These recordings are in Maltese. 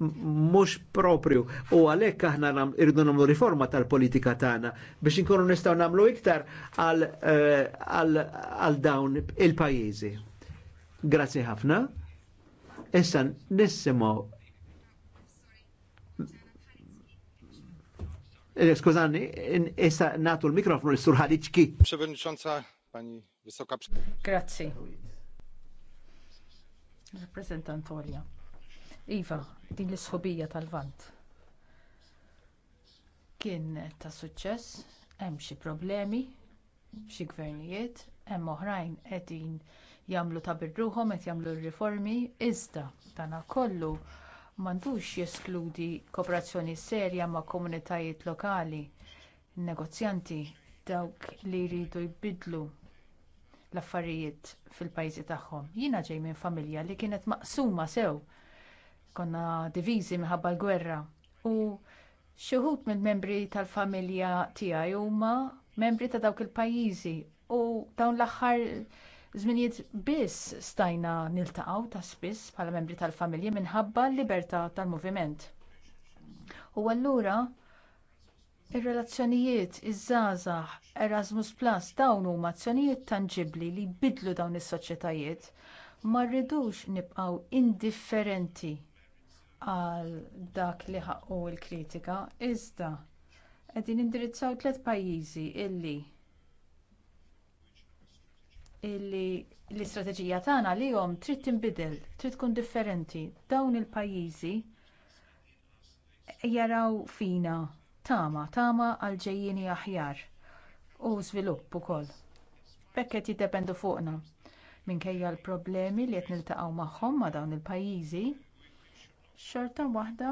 mux propju. U għalek aħna irridu namlu riforma tal-politika tagħna biex inkunu nistaw namlu iktar għal eh, dawn il pajizi Grazie ħafna. Issa nissimo. Eh, skużani, issa natu l-mikrofonu l-sur Ħaliċki. Przewodnicząca, pani wysoka Grazie. Rappresentant Olja. Iva, din l-isħobija tal-vant kien ta' suċċess, hemm xi problemi, xi gvernijiet, hemm oħrajn qegħdin jagħmlu ta' birruhom qed jagħmlu r-riformi, iżda dan kollu m'għandux jeskludi kooperazzjoni serja ma' komunitajiet lokali, negozjanti dawk li jridu jbidlu l-affarijiet fil-pajjiżi tagħhom. Jiena ġej minn familja li kienet maqsuma sew konna diviżi minħabba l-gwerra u xi minn mill-membri tal-familja tiegħi huma membri ta' dawk il-pajjiżi u dawn l-aħħar żminijiet biss stajna niltaqgħu ta' spiss bħala membri tal-familja minħabba l-libertà tal-moviment. U allura ir-relazzjonijiet iż-żgħażagħ Erasmus Plus dawn huma azzjonijiet tangibbli li jbiddlu dawn is-soċjetajiet ma rridux nibqgħu indifferenti għal dak li ħaqqu l-kritika iżda qegħdin indirizzaw tliet pajjiżi illi illi l-istrateġija tagħna lihom trid tinbidel, trid tkun differenti. Dawn il-pajjiżi jaraw fina tama, tama għal ġejjini aħjar u żvilupp ukoll. Bekk qed jiddependu fuqna minkejja l-problemi li qed niltaqgħu magħhom ma' dawn il-pajjiżi xorta waħda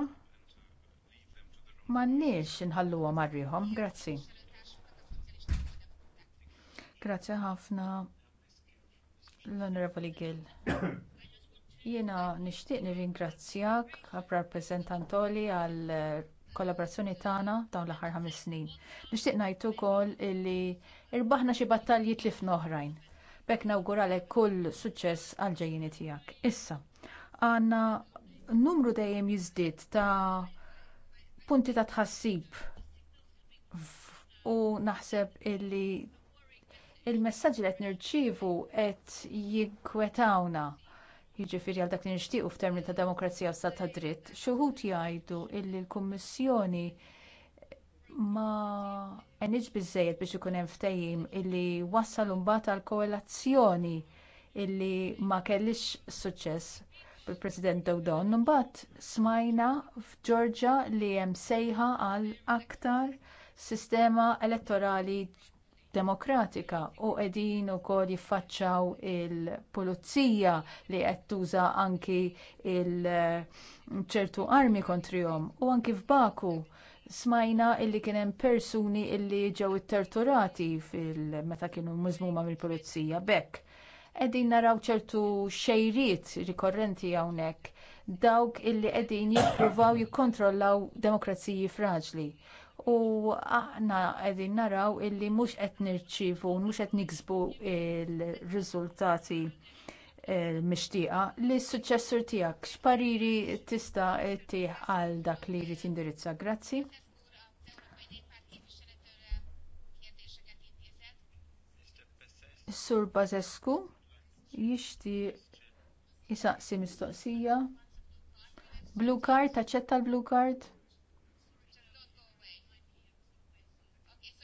m'għandniex inħalluha marriħom. Grazzi. Grazzi ħafna l-Onorevoli Gill. Jiena nixtieq nirringrazzjak għal rappreżentantoli għal kollaborazzjoni tagħna dawn l-aħħar ħames snin. Nixtieq ngħid ukoll li irbaħna xi battalji tlifna oħrajn. B'hekk nawguralek kull suċċess għal ġejjini tiegħek. Issa, numru dejjem jiżdied ta' punti ta' tħassib u naħseb illi il messagġi li qed nirċievu qed jinkwetawna. Jiġifieri għal dak li nixtiequ f'termini ta' demokrazija u stat ta' dritt, xi wħud jgħidu illi l-Kummissjoni ma enniġ biżżejjed biex ikun hemm ftehim illi wassal mbagħad għal koalazzjoni illi ma kellix suċċess bil-President Dawdon. Mbagħad smajna f'Ġorġa li hemm sejħa għal aktar sistema elettorali demokratika u qegħdin ukoll jiffaċċaw il-pulizija li qed tuża anki ċertu armi kontrihom u anki f'Baku smajna illi kien hemm persuni illi ġew itterturati fil meta kienu miżmuma mill-pulizija b'hekk qegħdin naraw ċertu xejriet rikorrenti hawnhekk dawk illi qegħdin jippruvaw jikkontrollaw demokraziji fraġli. U aħna qegħdin naraw illi mhux qed u mhux qed niksbu il-riżultati eh, mixtieqa li s-suċċessur tiegħek x'pariri tista' ttieħ għal dak li jrid jindirizza. Grazzi. Sur Bazescu jixti jisaqsi mistoqsija. Blue card, taċċetta l-blue card?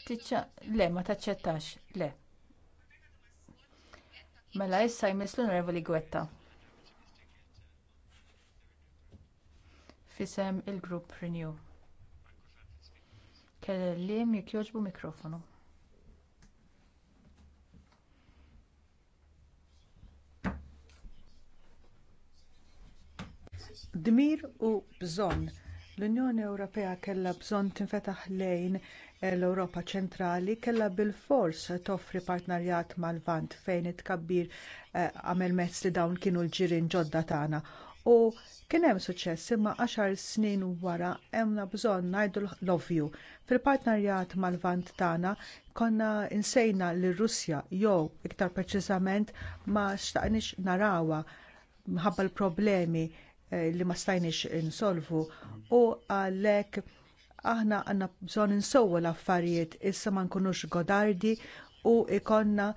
Tiċċa, le, ma taċċettax, le. Mela issa jmiss l-Onorevoli Gwetta. Fisem il-Grupp Renew. Kellim jikjoġbu mikrofonu. dmir u bżonn. L-Unjoni Ewropea kellha bżonn tinfetaħ lejn l-Ewropa ċentrali kellha bilfors toffri partnerjat mal-Vant fejn it-tkabbir eh, għamel mezz li dawn kienu l-ġirien ġodda tagħna. U kien hemm suċċess imma għaxar snin wara hemm bżonn ngħidu l-ovvju. Fil-partnerjat mal-Vant tagħna konna insejna lir russja jew iktar preċiżament ma xtaqniex narawha mħabba l-problemi Eh, li ma stajniex insolvu u għalhekk aħna għandna bżonn insowwa l-affarijiet issa ma nkunux godardi u ikonna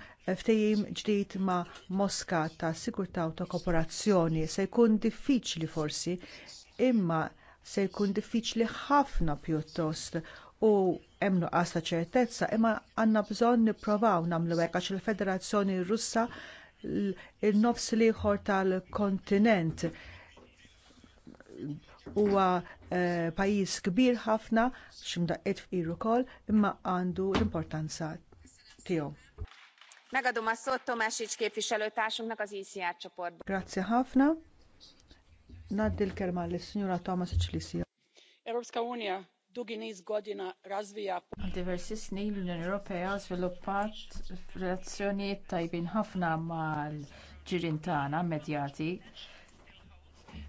ftehim ġdid ma' Moska ta' sigurtà u ta' kooperazzjoni se jkun diffiċli forsi imma se jkun diffiċli ħafna pjuttost u hemm nuqqas ta' ċertezza imma għandna bżonn nippruvaw nagħmlu hekk għax il-Federazzjoni Russa in nofs l-ieħor tal-kontinent huwa eh, pajjiż kbir ħafna x'imdaqqiet f'qiru ukoll imma għandu l-importanza tiegħu. Grazzi ħafna. Naddi l-kelma l-Sinjura Thomas Lisija. Europska Unija dugi godina razvija. Diversi snin l-Unjoni Ewropea żviluppat relazzjonijiet tajbin ħafna mal-ġirintana medjati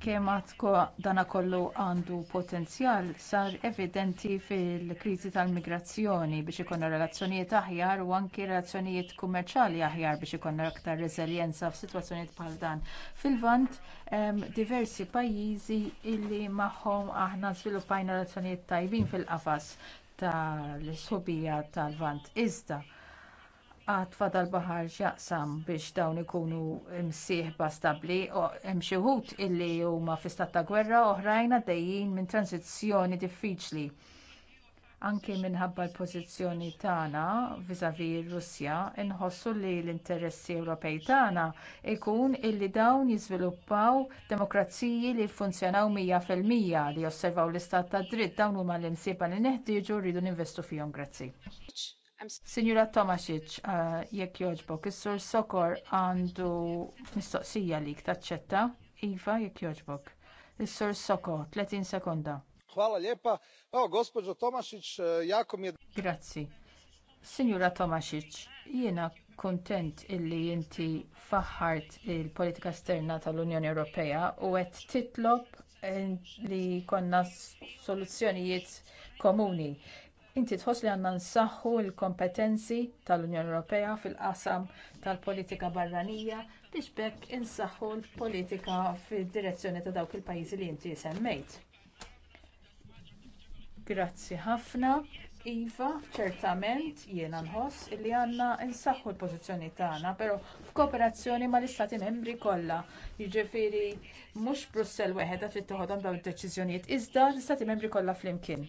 kemm għadko dana kollu għandu potenzjal sar evidenti fil-kriżi tal-migrazzjoni biex ikonna relazzjonijiet aħjar u anki relazzjonijiet kummerċjali aħjar biex ikonna aktar reżiljenza f'sitwazzjonijiet bħal dan. Fil-vant hemm diversi pajjiżi illi magħhom aħna żviluppajna relazzjonijiet tajbin fil-qafas tal subija tal-vant iżda għatfa fadal baħar x'jaqsam biex dawn ikunu msieħba stabbli u hemm xi wħud illi huma fi stat ta' gwerra oħrajn għaddejjin minn transizzjoni diffiċli. Anki minħabba l-pożizzjoni tagħna viżavi r-Russja inħossu li l-interessi Ewropej tagħna ikun illi dawn jiżviluppaw demokraziji li jfunzjonaw mija fil-mija li josservaw l-istat tad dritt dawn huma l-imsieba li neħtieġu rridu ninvestu fihom. Grazzi. Signora Tomasic, uh, jekk jogħġbok, is-sur Sokor għandu mistoqsija lik taċċetta. Iva, jekk jogħġbok. Is-sur Sokor, 30 sekonda. Hvala lijepa. o, gospođo Tomasic, e, jako mi je... Grazzi. Signora Tomasic, jiena kuntent illi inti faħart il-politika esterna tal-Unjoni Ewropea u qed titlob li konna soluzzjonijiet komuni Inti tħoss li għandna nsaħħu l-kompetenzi tal-Unjoni Ewropea fil-qasam tal-politika barranija biex bekk insaħħu l-politika fid-direzzjoni ta' dawk il-pajjiżi li inti semmejt. Grazzi ħafna. Iva, ċertament jiena nħoss li għandna nsaħħu l-pożizzjoni tagħna, però f'kooperazzjoni mal-Istati Membri kollha. Jiġifieri mhux Brussell weħed qed trid toħodhom dawn id-deċiżjonijiet, iżda l-Istati Membri kollha flimkien.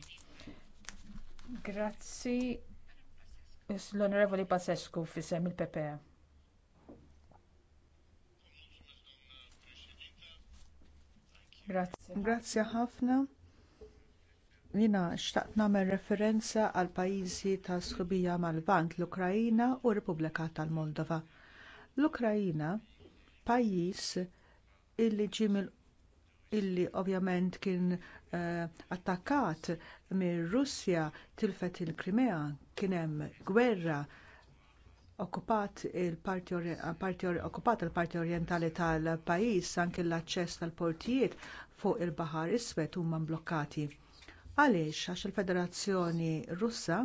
Grazzi l-Onorevoli Pasescu fisem il-PPE. Grazie. ħafna. Jina xtaqt nagħmel referenza għal pajjiżi ta' sħubija mal-Vant l-Ukrajina u Repubblika tal-Moldova. L-Ukrajina pajjiż illi ġie mill illi ovvjament kien eh, attakkat mir Russja tilfet il-Krimea kien hemm gwerra okkupat il-parti okkupat il-parti orientali tal-pajjiż anke l-aċċess tal-portijiet fuq il-Baħar Iswed huma mblokkati. Għaliex għax il-Federazzjoni Russa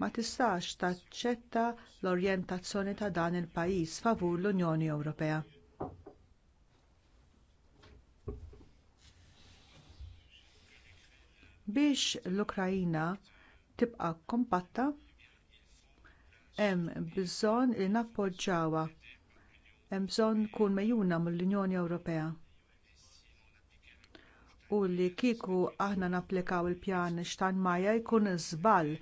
ma tistax taċċetta l-orjentazzjoni ta' dan il-pajjiż favur l-Unjoni Ewropea Biex l-Ukrajina tibqa' kompatta hemm bżonn li nappoġġjawha hemm bżonn tkun mejjuna mill-Unjoni Ewropea. U li kieku aħna napplikaw il-pjan Steinmeier jkun żball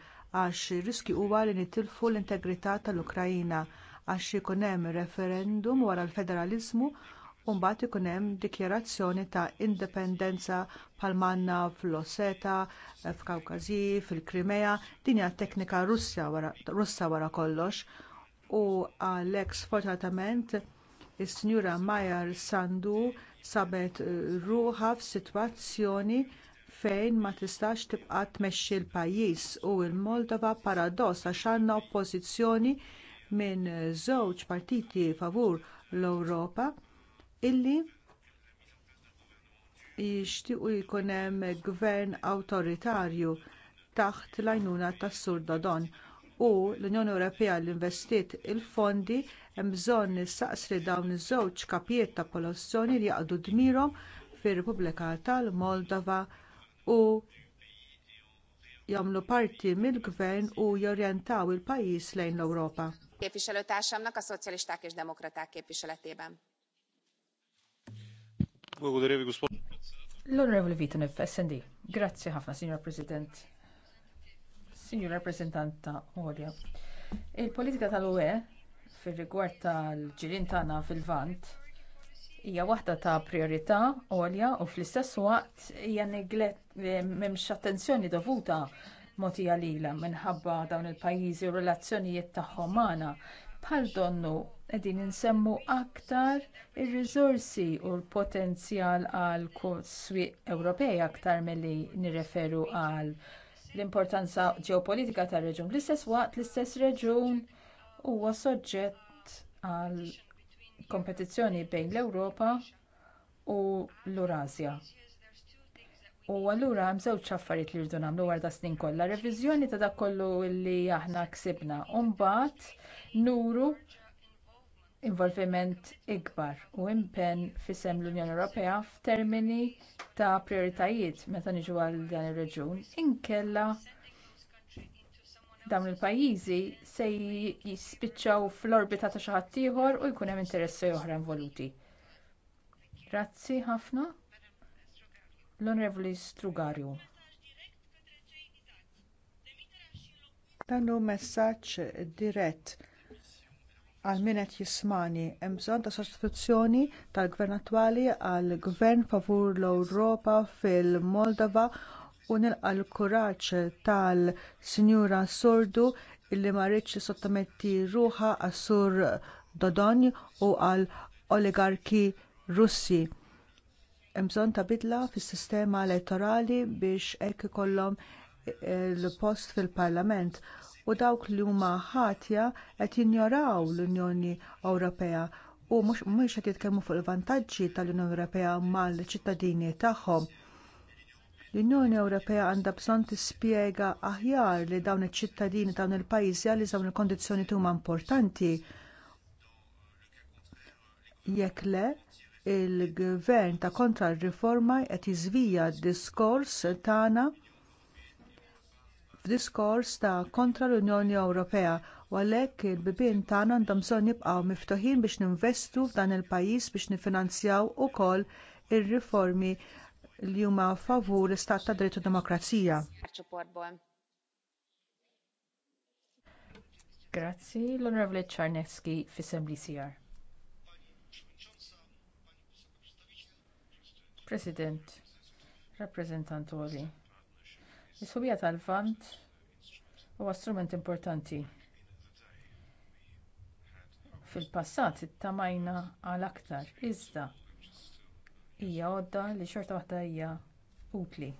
għax ir riskju huwa li nitilfu l-integrità tal-Ukrajina għax ikun hemm referendum wara l-federaliżmu u mbagħad ikun hemm dikjarazzjoni ta' indipendenza bħal manna fl-Osseta, f'Kawkażi, fil-Krimea, din hija teknika Russja wara, Russa wara kollox. U għalhekk sfortunatament is-Sinjura Majer Sandu sabet ruħa f'sitwazzjoni fejn ma tistax tibqa tmexxi l-pajjiż u l-Moldova paradoss għax għandna oppożizzjoni minn żewġ partiti favur l-Ewropa illi jixtiequ jkun hemm gvern awtoritarju taħt l-għajnuna tas-Sur Dodon u l-Unjoni Ewropea li investiet il-fondi hemm bżonn nissaqsri dawn iż-żewġ kapijiet ta' polazzjoni li jaqdu dmirhom fir-Repubblika tal-Moldova u jagħmlu parti mill-gvern u jorjentaw il-pajjiż lejn l-Ewropa. Képviselőtársamnak a szocialisták és L-Onorevoli Nef, SND. Grazzi ħafna, Signor President. Signor Rappresentanta Olja, Il-politika tal-UE fir-rigward tal-ġirien tagħna fil-Vant hija waħda ta' priorità għolja u fl-istess waqt hija neglet m'hemmx attenzjoni dovuta mogħtija lila minħabba dawn il-pajjiżi u relazzjonijiet tagħhom magħna bħal donnu qegħdin insemmu aktar ir-riżorsi u l-potenzjal għal swieq Ewropej aktar milli nirreferu għal l-importanza ġeopolitika tar-reġjun. Fl-istess waqt l-istess reġjun huwa soġġett għal kompetizzjoni bejn l-Ewropa u l-Urasja. U allura hemm żewġ affarijiet li rridu nagħmlu wara snin kollha, reviżjoni ta' dak kollu li aħna ksibna u mbagħad nuru involviment ikbar u impenn f'isem l-Unjoni Ewropea f'termini ta' prijoritajiet meta niġu għal dan ir-reġjun inkella dawn il-pajjiżi se jispiċċaw fl-orbita ta' xi ħadd ieħor u jkun hemm interessi oħra involuti. Grazzi ħafna. L-Onorevoli Strugarju. Dan messaġġ dirett għal min qed jismani hemm bżonn ta' sostituzzjoni tal-gvern attwali għal gvern favur l-Ewropa fil-Moldova u nilqa l-kuraġġ tal-Sinjura Sordu illi ma rridx sottometti ruħha għas-sur Dodon u għall oligarki Russi Hemm bżonn ta' bidla fis-sistema elettorali biex hekk ikollhom l-post fil-Parlament u dawk li huma ħatja qed jinjoraw l-Unjoni Ewropea u mhux qed jitkellmu fuq il-vantaġġi tal-Unjoni Ewropea mal-ċittadini tagħhom l-Unjoni Ewropea għandha bżonn tispjega aħjar li dawn iċ-ċittadini dawn il-pajjiżi għaliex dawn il-kondizzjoni huma importanti. Jekk le, il-gvern ta' kontra r-riforma qed jiżvija d-diskors tagħna f'diskors ta' kontra l-Unjoni Ewropea u għalhekk il-bibien tagħna għandhom bżonn jibqgħu miftuħin biex ninvestu f'dan il-pajjiż biex nifinanzjaw ukoll ir-riformi li huma favur l-istat ta' dritt u demokrazija. Grazzi l-Onorevoli Czarnecki fis-Assembli President, rappresentant is subja tal-Vant huwa strument importanti. Fil-passat ittamajna għal aktar iżda hija għodda li xorta waħda hija utli.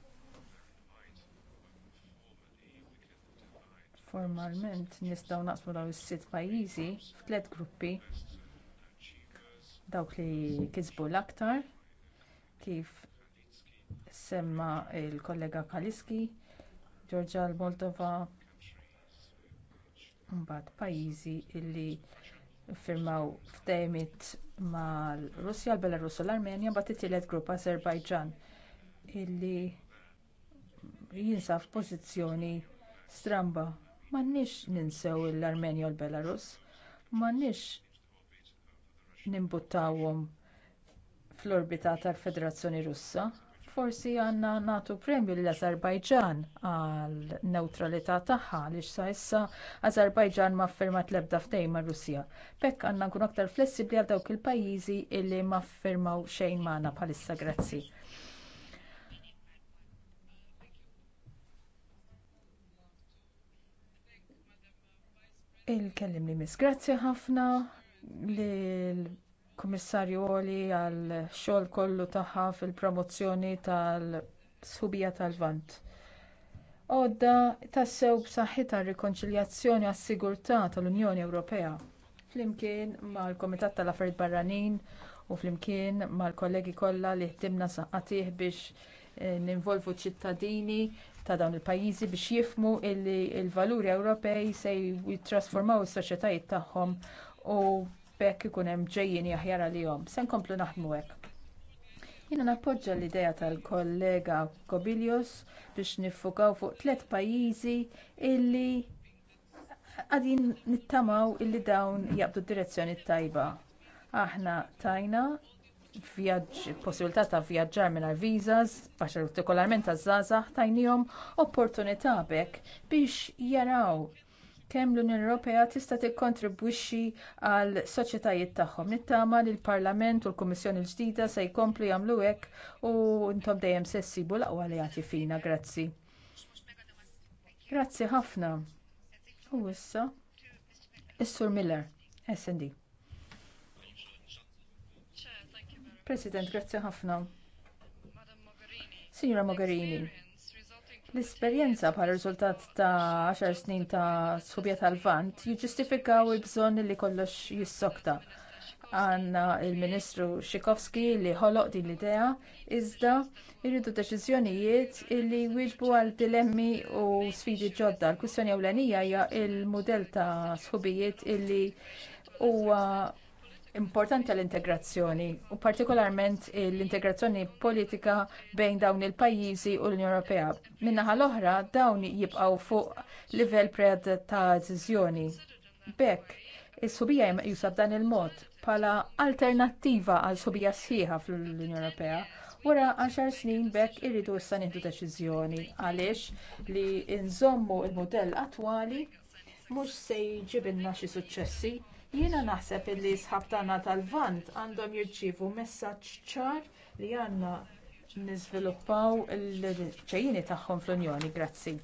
Formalment nistgħu naqsmu dawn is-sitt pajjiżi f'tliet gruppi dawk li kisbu l-aktar kif semma l kollega Kaliski, Ġorġa l-Moldova, mbagħad pajjiżi li ffirmaw ftehimiet mal-Russja, l-Belarus u l-Armenja, mbagħad it-tielet grupp Azerbajġan illi jinsab f'pożizzjoni stramba. M'għandniex ninsew l-Armenja u l-Belarus, m'għandniex nimbuttawhom fl-orbita tal-Federazzjoni Russa. Forsi għandna nagħtu premju lill azerbajġan għal newtralità tagħha għaliex sa issa Azerbajġan ma ffirmat l-ebda ftehim mar Russja. B'hekk għandna nkunu aktar flessibbli għal dawk il-pajjiżi illi ma ffirmaw xejn magħna bħalissa grazzi. Il-kellim li misgrazzi ħafna lil Kummissarju għoli għal xogħol kollu tagħha fil-promozzjoni tal-Subija tal-Vant. Għodda tassew b'saħħitha r-rikonċiljazzjoni għas-sigurtà tal-Unjoni Ewropea flimkien mal-Kumitat tal-Affarijiet Barranin u flimkien mal-kollegi kollha li ħdimna saqatih biex eh, ninvolvu ċittadini ta' dawn il-pajjiżi biex jifhmu li l-valuri Ewropej se jitrasformaw is-soċjetajiet tagħhom u bekk ikun hemm ġejjin aħjar għalihom. Se nkomplu naħdmu hekk. Jiena nappoġġa l-idea tal-kollega Kobilius biex niffukaw fuq tliet pajjiżi illi għadin nittamaw illi dawn jaqbdu d-direzzjoni tajba. Aħna tajna possibilità ta' vjaġġar mingħajr vizas, partikolarment taż-żgħażagħ tajniehom opportunità bekk biex jaraw kemm l-Unjoni Ewropea tista' tikkontribwixxi għal soċjetajiet tagħhom. Nittama li l-Parlament u l-Kummissjoni l-ġdida se jkomplu jagħmlu hekk u intom dejjem se ssibu l-aqwa li jagħti fina. Grazzi. Grazzi ħafna. U issa is-Sur Miller, SD. President, grazzi ħafna. Signora Mogherini, L-esperjenza bħal riżultat ta' 10 snin ta' subjet tal-vant jiġġustifikaw il-bżonn li kollox jissokta. Għanna il-Ministru Xikowski li ħoloq din l-idea iżda jridu deċiżjonijiet li jwieġbu għal dilemmi u sfidi ġodda. L-kwistjoni ewlenija hija l mudell ta' sħubijiet illi huwa importanti għall-integrazzjoni u partikolarment l-integrazzjoni politika bejn dawn il-pajjiżi u l-Unjoni Ewropea. Min-naħa l-oħra dawn jibqgħu fuq livell pred ta' deċiżjoni. B'hekk is-subija jusa b'dan il-mod bħala alternattiva għal subija sħiħa fl-Unjoni Ewropea Wara għaxar snin b'hekk irridu issa nieħdu deċiżjoni għaliex li nżommu l-mudell attwali mhux se jġibilna xi suċċessi Jiena naħseb illi sħab tagħna tal-vant għandhom jirċievu messaġġ ċar li għandna niżviluppaw il-ċejjini tagħhom fl-Unjoni. Grazzi.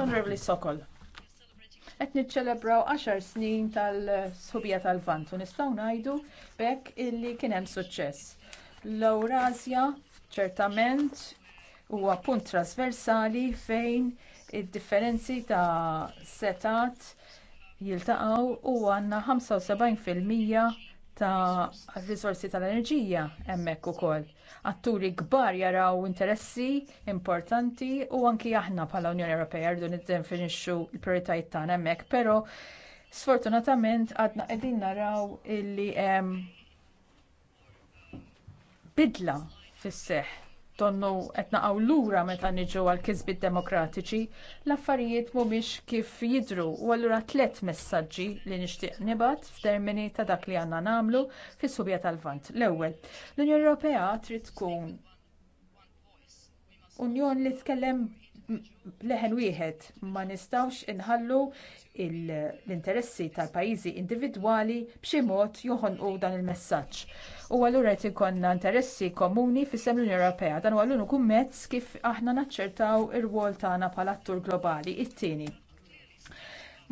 Onorevoli Sokol qed niċċelebraw 10 snin tal-sħubija tal-Vant u nistgħu ngħidu b'hekk illi kien hemm suċċess. L-Ewrasja ċertament huwa punt trasversali fejn id-differenzi ta' setat jiltaqgħu u għandna 75% ta' risorsi tal-enerġija hemmhekk ukoll. Atturi kbar jaraw interessi importanti u anki aħna bħala Unjoni Ewropea rridu niddefinixxu l-prijoritajiet tagħna hemmhekk, però sfortunatament għadna qegħdin naraw illi hemm bidla fis-seħħ tonnu qed naqgħu lura meta niġu għal kisbiet demokratiċi, l-affarijiet mhumiex kif jidhru u allura tliet messaġġi li nixtieq nibat f'termini ta' dak li għandna nagħmlu fis-subja tal-Vant. L-ewwel, l-Unjoni Ewropea trid tkun Unjon li tkellem leħen wieħed ma nistawx inħallu l-interessi tal-pajjiżi individwali b'xi mod joħonqu dan il-messaġġ u allura qed ikollna interessi komuni fis-sem l-Unjoni Ewropea. Dan u l-uniku mezz kif aħna naċċertaw ir wol tagħna bħala attur globali. It-tieni.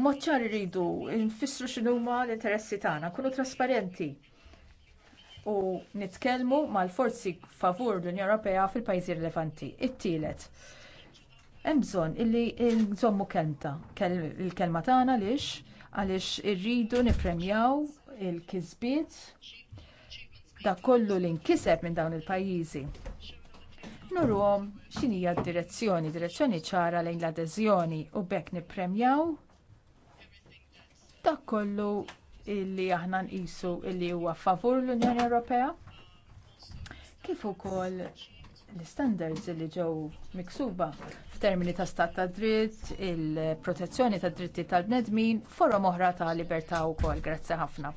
Moċċar ċar iridu nfissru x'inhuma l-interessi tagħna, kunu trasparenti u nitkellmu mal-forzi favur l-Unjoni Ewropea fil-pajjiżi rilevanti. It-tielet. Hemm bżonn illi nżommu kelmta, il-kelma tagħna għaliex għaliex irridu nippremjaw il-kisbiet dak kollu li nkiseb minn dawn il-pajjiżi. Nurhom x'inhija d-direzzjoni, direzzjoni ċara lejn l-adeżjoni u bekk nippremjaw dak kollu illi aħna nqisu illi huwa favur l-Unjoni Ewropea kif ukoll l-istandards li ġew miksuba f'termini ta' stat ta' dritt, il-protezzjoni tad dritti tal-bnedmin, forom oħra ta' libertà wkoll. Grazzi ħafna.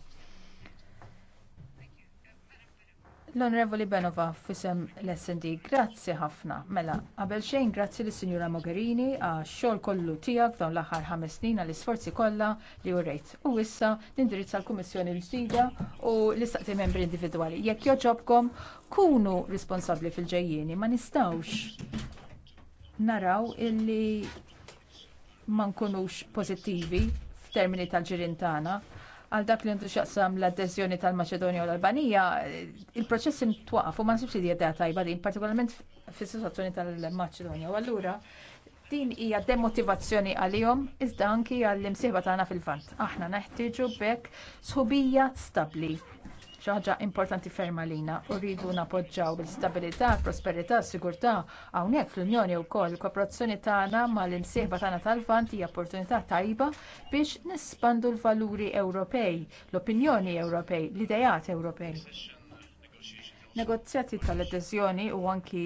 L-Onorevoli Benova fisem l-SND, grazzi ħafna. Mela, qabel xejn grazzi lis sinjura Mogherini għax xogħol kollu tiegħek dawn l-aħħar ħames snin għall isforzi kollha li urrejt. U issa nindirizza l-Kummissjoni l-ġdida u l-istaqsi membri individwali. Jekk joġobkom, kunu responsabbli fil-ġejjieni, ma nistgħux naraw illi ma nkunux pożittivi f'termini tal-ġirien tagħna għal dak li għandu xaqsam l-adesjoni tal macedonia u l-Albanija, il-proċess intwaqaf u ma nsibx li jedda tajba din, partikolarment fis situazzjoni tal-Maċedonja. U allura din hija demotivazzjoni għalihom iżda anki għall imsieba tagħna fil-fant. Aħna neħtieġu bekk sħubija stabbli xi ħaġa importanti ferm għalina u rridu napoġġaw l-istabilità, prosperità, sigurtà hawnhekk fl-Unjoni wkoll kooperazzjoni tagħna mal-imsieħba tagħna tal-Lvant hija opportunità tajba biex nispandu l-valuri Ewropej, l-opinjoni Ewropej, l-idejat Ewropej. Negozjati tal-adeżjoni u anki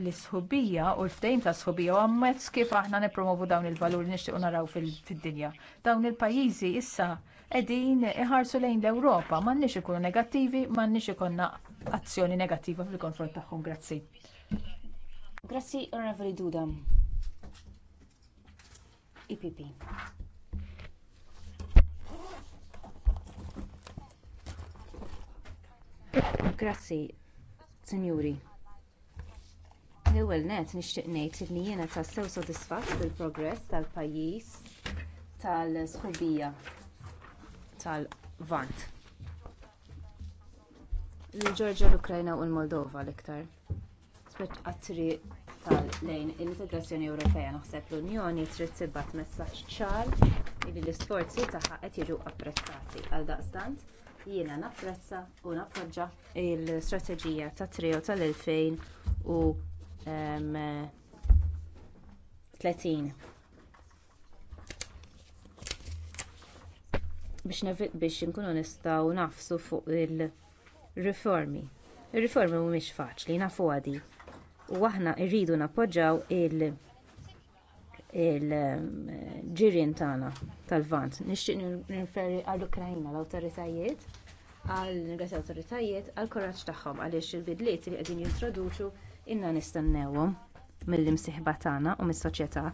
l-isħubija u l-ftejn ta' sħubija u għammet kif aħna nipromovu dawn il-valuri nixtiequ naraw fid dinja Dawn il-pajjiżi issa qegħdin iħarsu lejn l-Ewropa. M'għandniex ikunu negattivi, m'għandniex ikonna azzjoni negattiva fil-konfront tagħhom. Grazzi. Grazzi, Onorevoli Duda. IPP. E Grazzi, Sinjuri. L-ewwel nett nixtieq ngħid li jiena tassew sodisfatt bil-progress tal-pajjiż tal-sħubija tal-Vant. Il-Ġorġa, l-Ukrajna u l-Moldova l-iktar. Spet tal-lejn l-integrazzjoni Ewropea naħseb l-Unjoni trid tibgħat messaġġ ċar li l-isforzi tagħha qed jiġu apprezzati għaldaqstant jiena napprezza u nappoġġa l-istrateġija ta' trio tal-2030 biex inkunu nistgħu nafsu fuq il-riformi. Ir-riformi mhumiex faċli, nafu għadi. U aħna rridu nappoġġjaw il-ġirien tagħna tal-Vant. Nixtieq nirriferi għall l-autoritajiet, l-awtoritajiet għal nirgas awtoritajiet għall korraġġ tagħhom għaliex il-bidliet li qegħdin jintroduċu inna nistennewhom mill-imsieħba tagħna u mis-soċjetà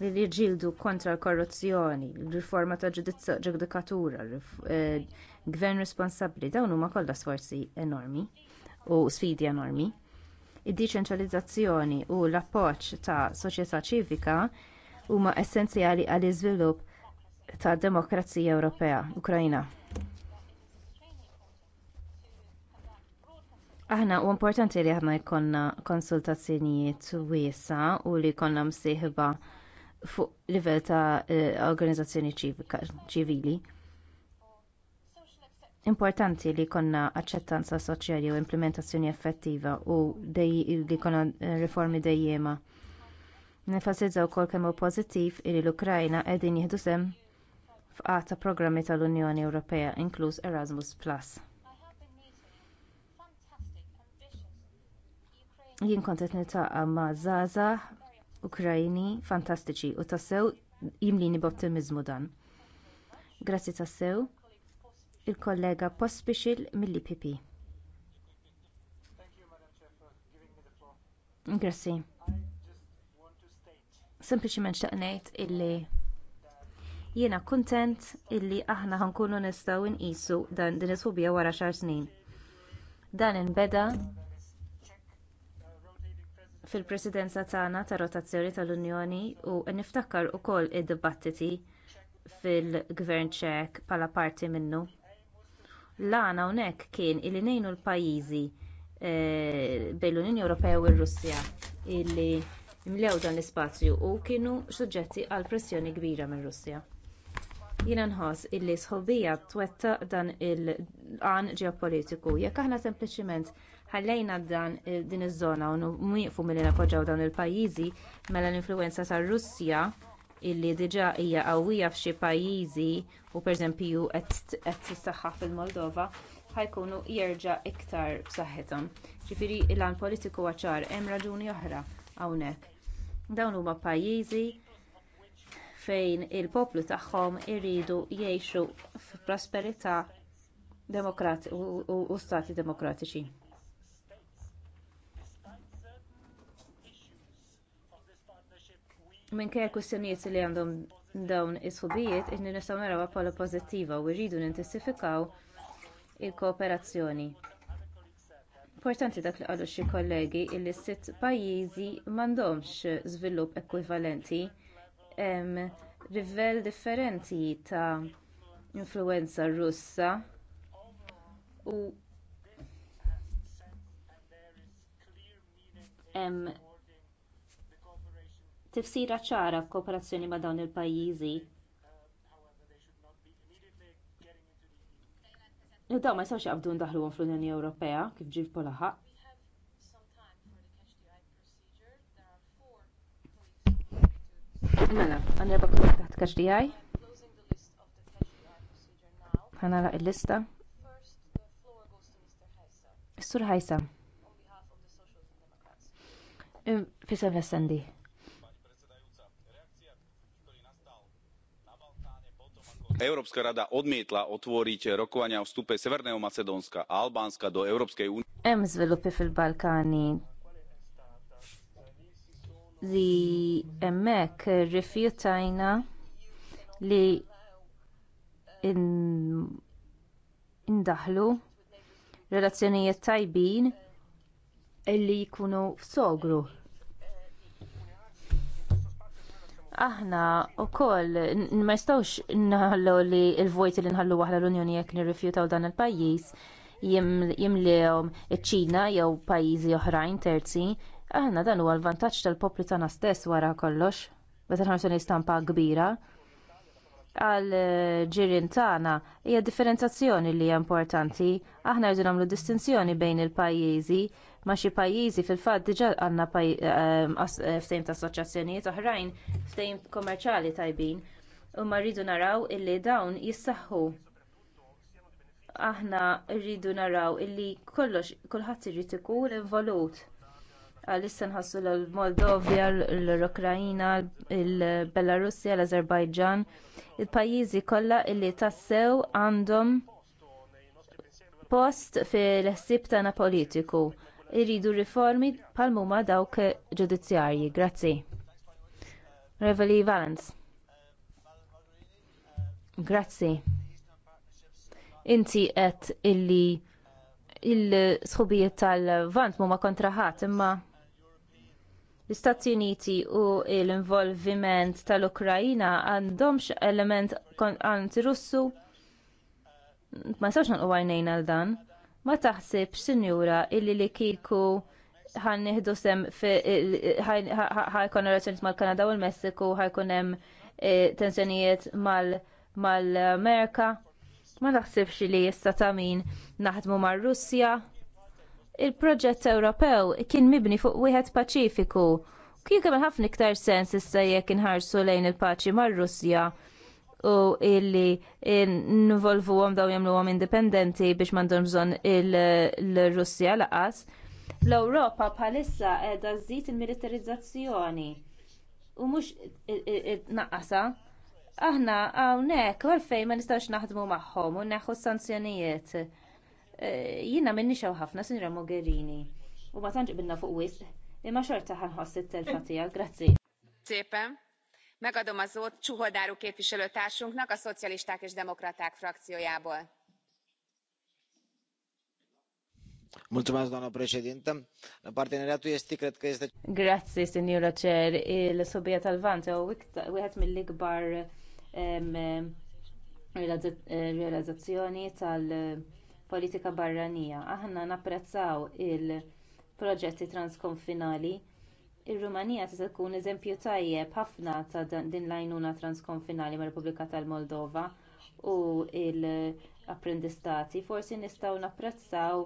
li jiġġieldu kontra l-korruzzjoni, riforma ta' ġudikatura, eh, gvern responsabbli, dawn huma kollha sforzi enormi u sfidi enormi. Id-deċentralizzazzjoni u l-appoġġ ta' soċjetà ċivika huma essenzjali għall iżvilupp tad demokrazija Ewropea, Ukrajina. Aħna u importanti li aħna jkollna konsultazzjonijiet wiesa u li jkollna msieħba fuq livell ta' eh, organizzazzjoni ċivili. Importanti li jkollna aċċettanza soċjali u implementazzjoni effettiva u li jkollna eh, riformi dejjema. Nefasizza wkoll kemm hu pożittiv li l-Ukrajna qegħdin jieħdu sehem f'qata ta' programmi tal-Unjoni Ewropea inkluż Erasmus Plus. Jien kont qed niltaqa' ma' żgħażagħ Ukrajini fantastiċi u tassew jimlini b'ottimiżmu dan. Grazzi tassew il-kollega Pospixil mill-IPP. Grazzi. Sempliċiment xtaq ngħid illi jiena kuntent illi aħna ħankunu nistgħu nqisu dan din is-subija wara xar snin. Dan inbeda fil-presidenza tagħna tar rotazzjoni tal-Unjoni u niftakar ukoll id-dibattiti fil-Gvern Ċek bħala parti minnu. L-għana hawnhekk kien illi ngħinu l-pajjiżi e, bejn l-Unjoni Ewropea u r-Russja illi mlew dan l-ispazju u kienu suġġetti għal pressjoni kbira mir-Russja. Jiena nħoss illi sħobija twettaq dan il-għan ġeopolitiku jekk aħna sempliċiment ħallejna dan eh, din iż-żona u nwieqfu milli nappoġġjaw dawn il-pajjiżi mela l-influwenza tar-Russja illi diġà hija qawwija f'xi pajjiżi u pereżempju qed tistaħħa fil-Moldova ħajkunu jerġa' iktar b'saħħithom. Ġifieri l-għan politiku huwa ċar hemm raġuni oħra hawnhekk. Dawn huma pajjiżi fejn il-poplu tagħhom iridu jgħixu f'prosperità u stati demokratiċi. minkejja kwistjonijiet li għandhom dawn is-ħubijiet inni nistgħu narawha bħala pożittiva u rridu nintensifikaw il-kooperazzjoni. Importanti dak li qalu xi kollegi li sitt pajjiżi m'għandhomx żvilupp ekwivalenti hemm livell differenti ta' influwenza Russa u hemm tifsira ċara f'kooperazzjoni ma' dawn il-pajjiżi. U Daw ma jistgħux jaqbdu ndaħluhom fl-Unjoni Ewropea kif ġie polaħaq. Mela, għan erba' kumma taħt għaj. Għan għala il-lista. Is-Sur Ħajsa. Fisem l-essendi. Európska rada odmietla otvoriť rokovania o vstupe Severného Macedónska a Albánska do Európskej únie. Em zvelope fil Balkáni. li hemmhekk rrifjutajna li indaħlu relazzjonijiet tajbin illi jkunu f'sogru aħna wkoll ma nistgħux nħallu li l-vojti li nħallu waħla l-Unjoni jekk nirrifjutaw dan il-pajjiż jimlewhom iċ-Ċina jew pajjiżi oħrajn terzi, aħna dan huwa l-vantaġġ tal-poplu tagħna stess wara kollox meta nħarsu nistampa kbira għal eh, ġirien tagħna hija differenzjazzjoni li hija importanti. Aħna rridu nagħmlu distinzjoni bejn il-pajjiżi ma xi pajjiżi fil-fatt diġà għandna eh, eh, ftehim ta' assoċjazzjonijiet oħrajn ftehim kommerċjali tajbin u ma rridu naraw illi dawn jissaħħu. Aħna rridu naraw illi kollox kulħadd irid ikun involut għalissa nħassu l-Moldovja, l-Ukrajina, il-Belarusja, l-Azerbajġan, il-pajjiżi kollha li tassew għandhom post fil-ħsieb tagħna politiku. Iridu riformi bħal huma dawk ġudizzjarji. Grazzi. Reveli Valens. Grazzi. Inti qed illi il-sħubijiet tal-vant mhuma kontraħat imma L-Istati Uniti u l-involviment tal-Ukrajina għandhomx element antirussu? Ma sawx nanqu għajnejn għal dan. Ma taħsibx, sinjura, illi li kiku ħan nieħdu sem ħajkun relazzjoniet mal-Kanada u l-Messiku, ħajkun hemm e, tensjonijiet mal-Amerika. Ma naħsibx li jista' ta' min naħdmu mar-Russja Il-proġett Ewropew kien mibni fuq wieħed paċifiku. Kien kemm ħafna iktar sens issa jekk inħarsu lejn il-paċi mar-Russja u illi nvolvuhom dawn daw indipendenti biex m'għandhom bżonn il-Russja laqas. l ewropa bħalissa qiegħda żżid il-militarizzazzjoni u mhux naqasa. Aħna hawnhekk għalfejn ma nistgħux naħdmu magħhom u neħu sanzjonijiet Eh, jina minni xew ħafna Sinra Mogherini u ma tantx qbilna fuq wisq imma xorta ħanħoss it-telfa tiegħek. Grazzi. Szépen. Megadom a szót Csuhodáru képviselőtársunknak a Szocialisták és Demokraták frakciójából. doamnă președintă parteneriatul estic cred că este. Grazie, signora Cer. Il-Sobiet tal-Vant u wieħed mill-ikbar realizzazzjoni eh, tal- politika barranija. Aħna napprezzaw il-proġetti transkonfinali. Ir-Rumanija tista' tkun eżempju tajjeb ħafna ta' din l-għajnuna transkonfinali mar-Repubblika tal-Moldova u l-apprendistati. Forsi nistgħu napprezzaw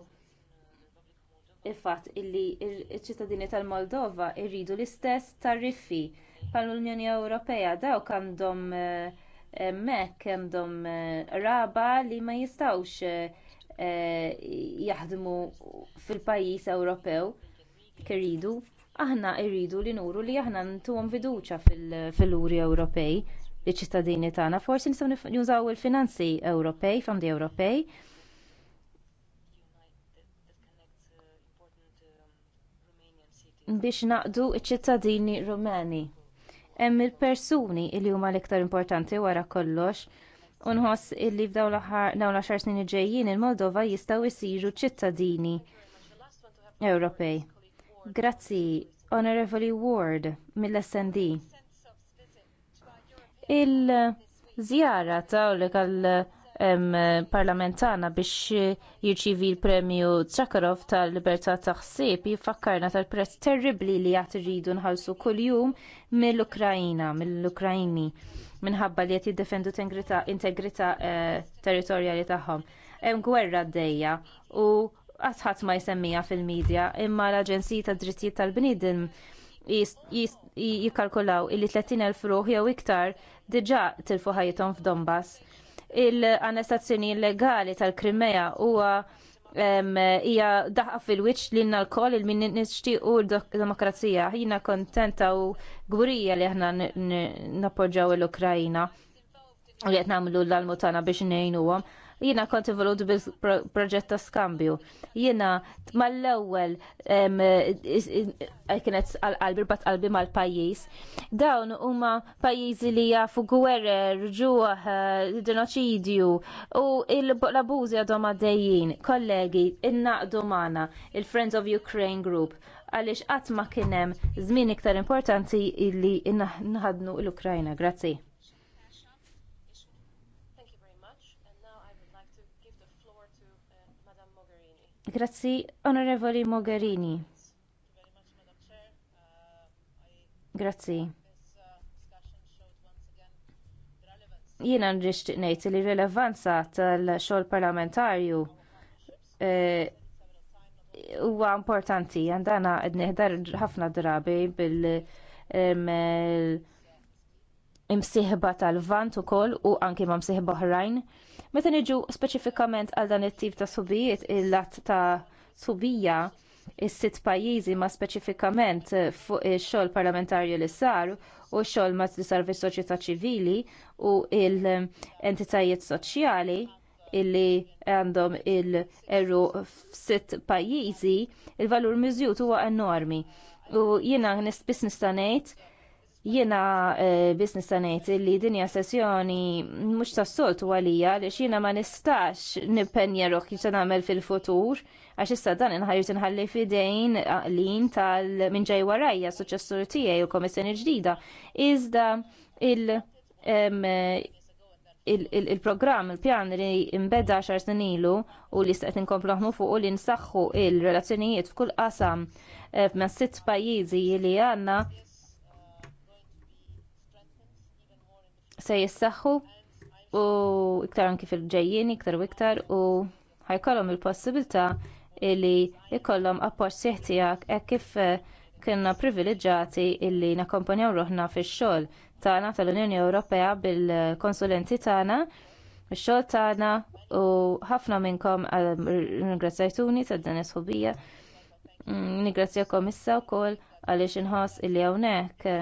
il-fatt illi iċ-ċittadini il fatt illi ċ ċittadini tal moldova jridu l-istess tariffi bħall unjoni Ewropea dawk għandhom eh, hemmhekk għandhom eh, raba li ma jistgħux eh, Eh, jaħdmu fil-pajjiż Ewropew kiridu, aħna rridu li nuru li aħna ntuhom fiduċa fil-luri Ewropej iċ-ċittadini tagħna. Forsi nistgħu nużaw il-finanzi Ewropej, fondi Ewropej, biex naqdu ċ-ċittadini rumeni. Hemm il-persuni li huma l-iktar importanti wara kollox Unħoss illi f'daw l-aħħar xar snin ġejjin il-Moldova jistgħu jsiru ċittadini Ewropej. Grazzi, Honorevoli Ward mill-SND. Il-żjara tawlek għal parlamentana biex jirċievi l-premju Sakharov tal-libertà ta' ħsieb jifakkarna tal-prezz terribbli li qed iridu nħallsu kuljum mill-Ukrajina, mill ukrajini minħabba li qed jiddefendu integrità eh, territorjali tagħhom. Hemm gwerra għaddejja u ħadd ma jsemmija fil-medja imma l-Aġenziji tad Drittijiet tal-Bniedem jikkalkulaw li 30.000 ruħ jew iktar diġà tilfu ħajjithom f'Donbass il-annestazzjoni illegali tal-Krimea huwa hija daħqa fil-wiċċ li l-koll il-min nixtiequ l-demokrazija. Ħina kontenta u gburija li aħna nappoġġaw l-Ukrajina u li qed nagħmlu l almutana biex ngħinuhom Jiena kont involut bil-proġett ta' skambju. Jiena mal-ewwel eh, kienet għal-qalbi bat qalbi mal-pajjiż. Dawn huma pajjiżi li jafu gwerre, ġuħ, denoċidju eh, u l-abużi għadhom għaddejjin. Kollegi, innaqdu magħna il-Friends of Ukraine Group għaliex qatt ma kien hemm żmien iktar importanti illi naħadnu l-Ukrajna. Grazzi. Grazzi, Onorevoli Mogherini. Grazzi. Jiena nrixtiq ngħid li rilevanza tal-xogħol parlamentarju eh, huwa importanti għandana qed neħdar ħafna drabi bil imsieħba tal-vant ukoll u anke ma' msieħba oħrajn Meta niġu speċifikament għal dan it-tip ta' subijiet il-lat ta' subija is-sitt pajjiżi ma speċifikament fuq ix-xogħol parlamentarju li sar u x-xogħol ma li sar fis-soċjetà ċivili u l-entitajiet soċjali illi għandhom il-eru f'sitt pajjiżi, il-valur miżjut huwa enormi. U jiena nispis ngħid Jiena e, business sanajt li dinja sessjoni mux tas-soltu għalija li xina ma nistax nipenja roħ kif se nagħmel fil-futur għax issa dan inħarġ tinħalli fidejn għalin tal minn warajja suċessur tiegħi u komissjoni ġdida. Iżda il- il-programm, il-pjan li imbeda xar ilu u li staqet nkomplu fuq u li nsaxħu il-relazzjonijiet f'kull qasam eh, ma' sitt pajjiżi li għanna se jissaħħu u iktar anki fil-ġejjien iktar u iktar u ħajkollhom il-possibilità li jkollhom appoġġ sieħ tiegħek hekk kif eh, kienna privileġġjati illi nakkompanjaw ruħna fix-xogħol tagħna tal-Unjoni Ewropea bil-konsulenti tagħna ix-xogħol tagħna u ħafna minnkom eh, ringrazzajtuni tad dan is-ħubija. Mm, ningrazzjakom issa wkoll għaliex inħoss illi hawnhekk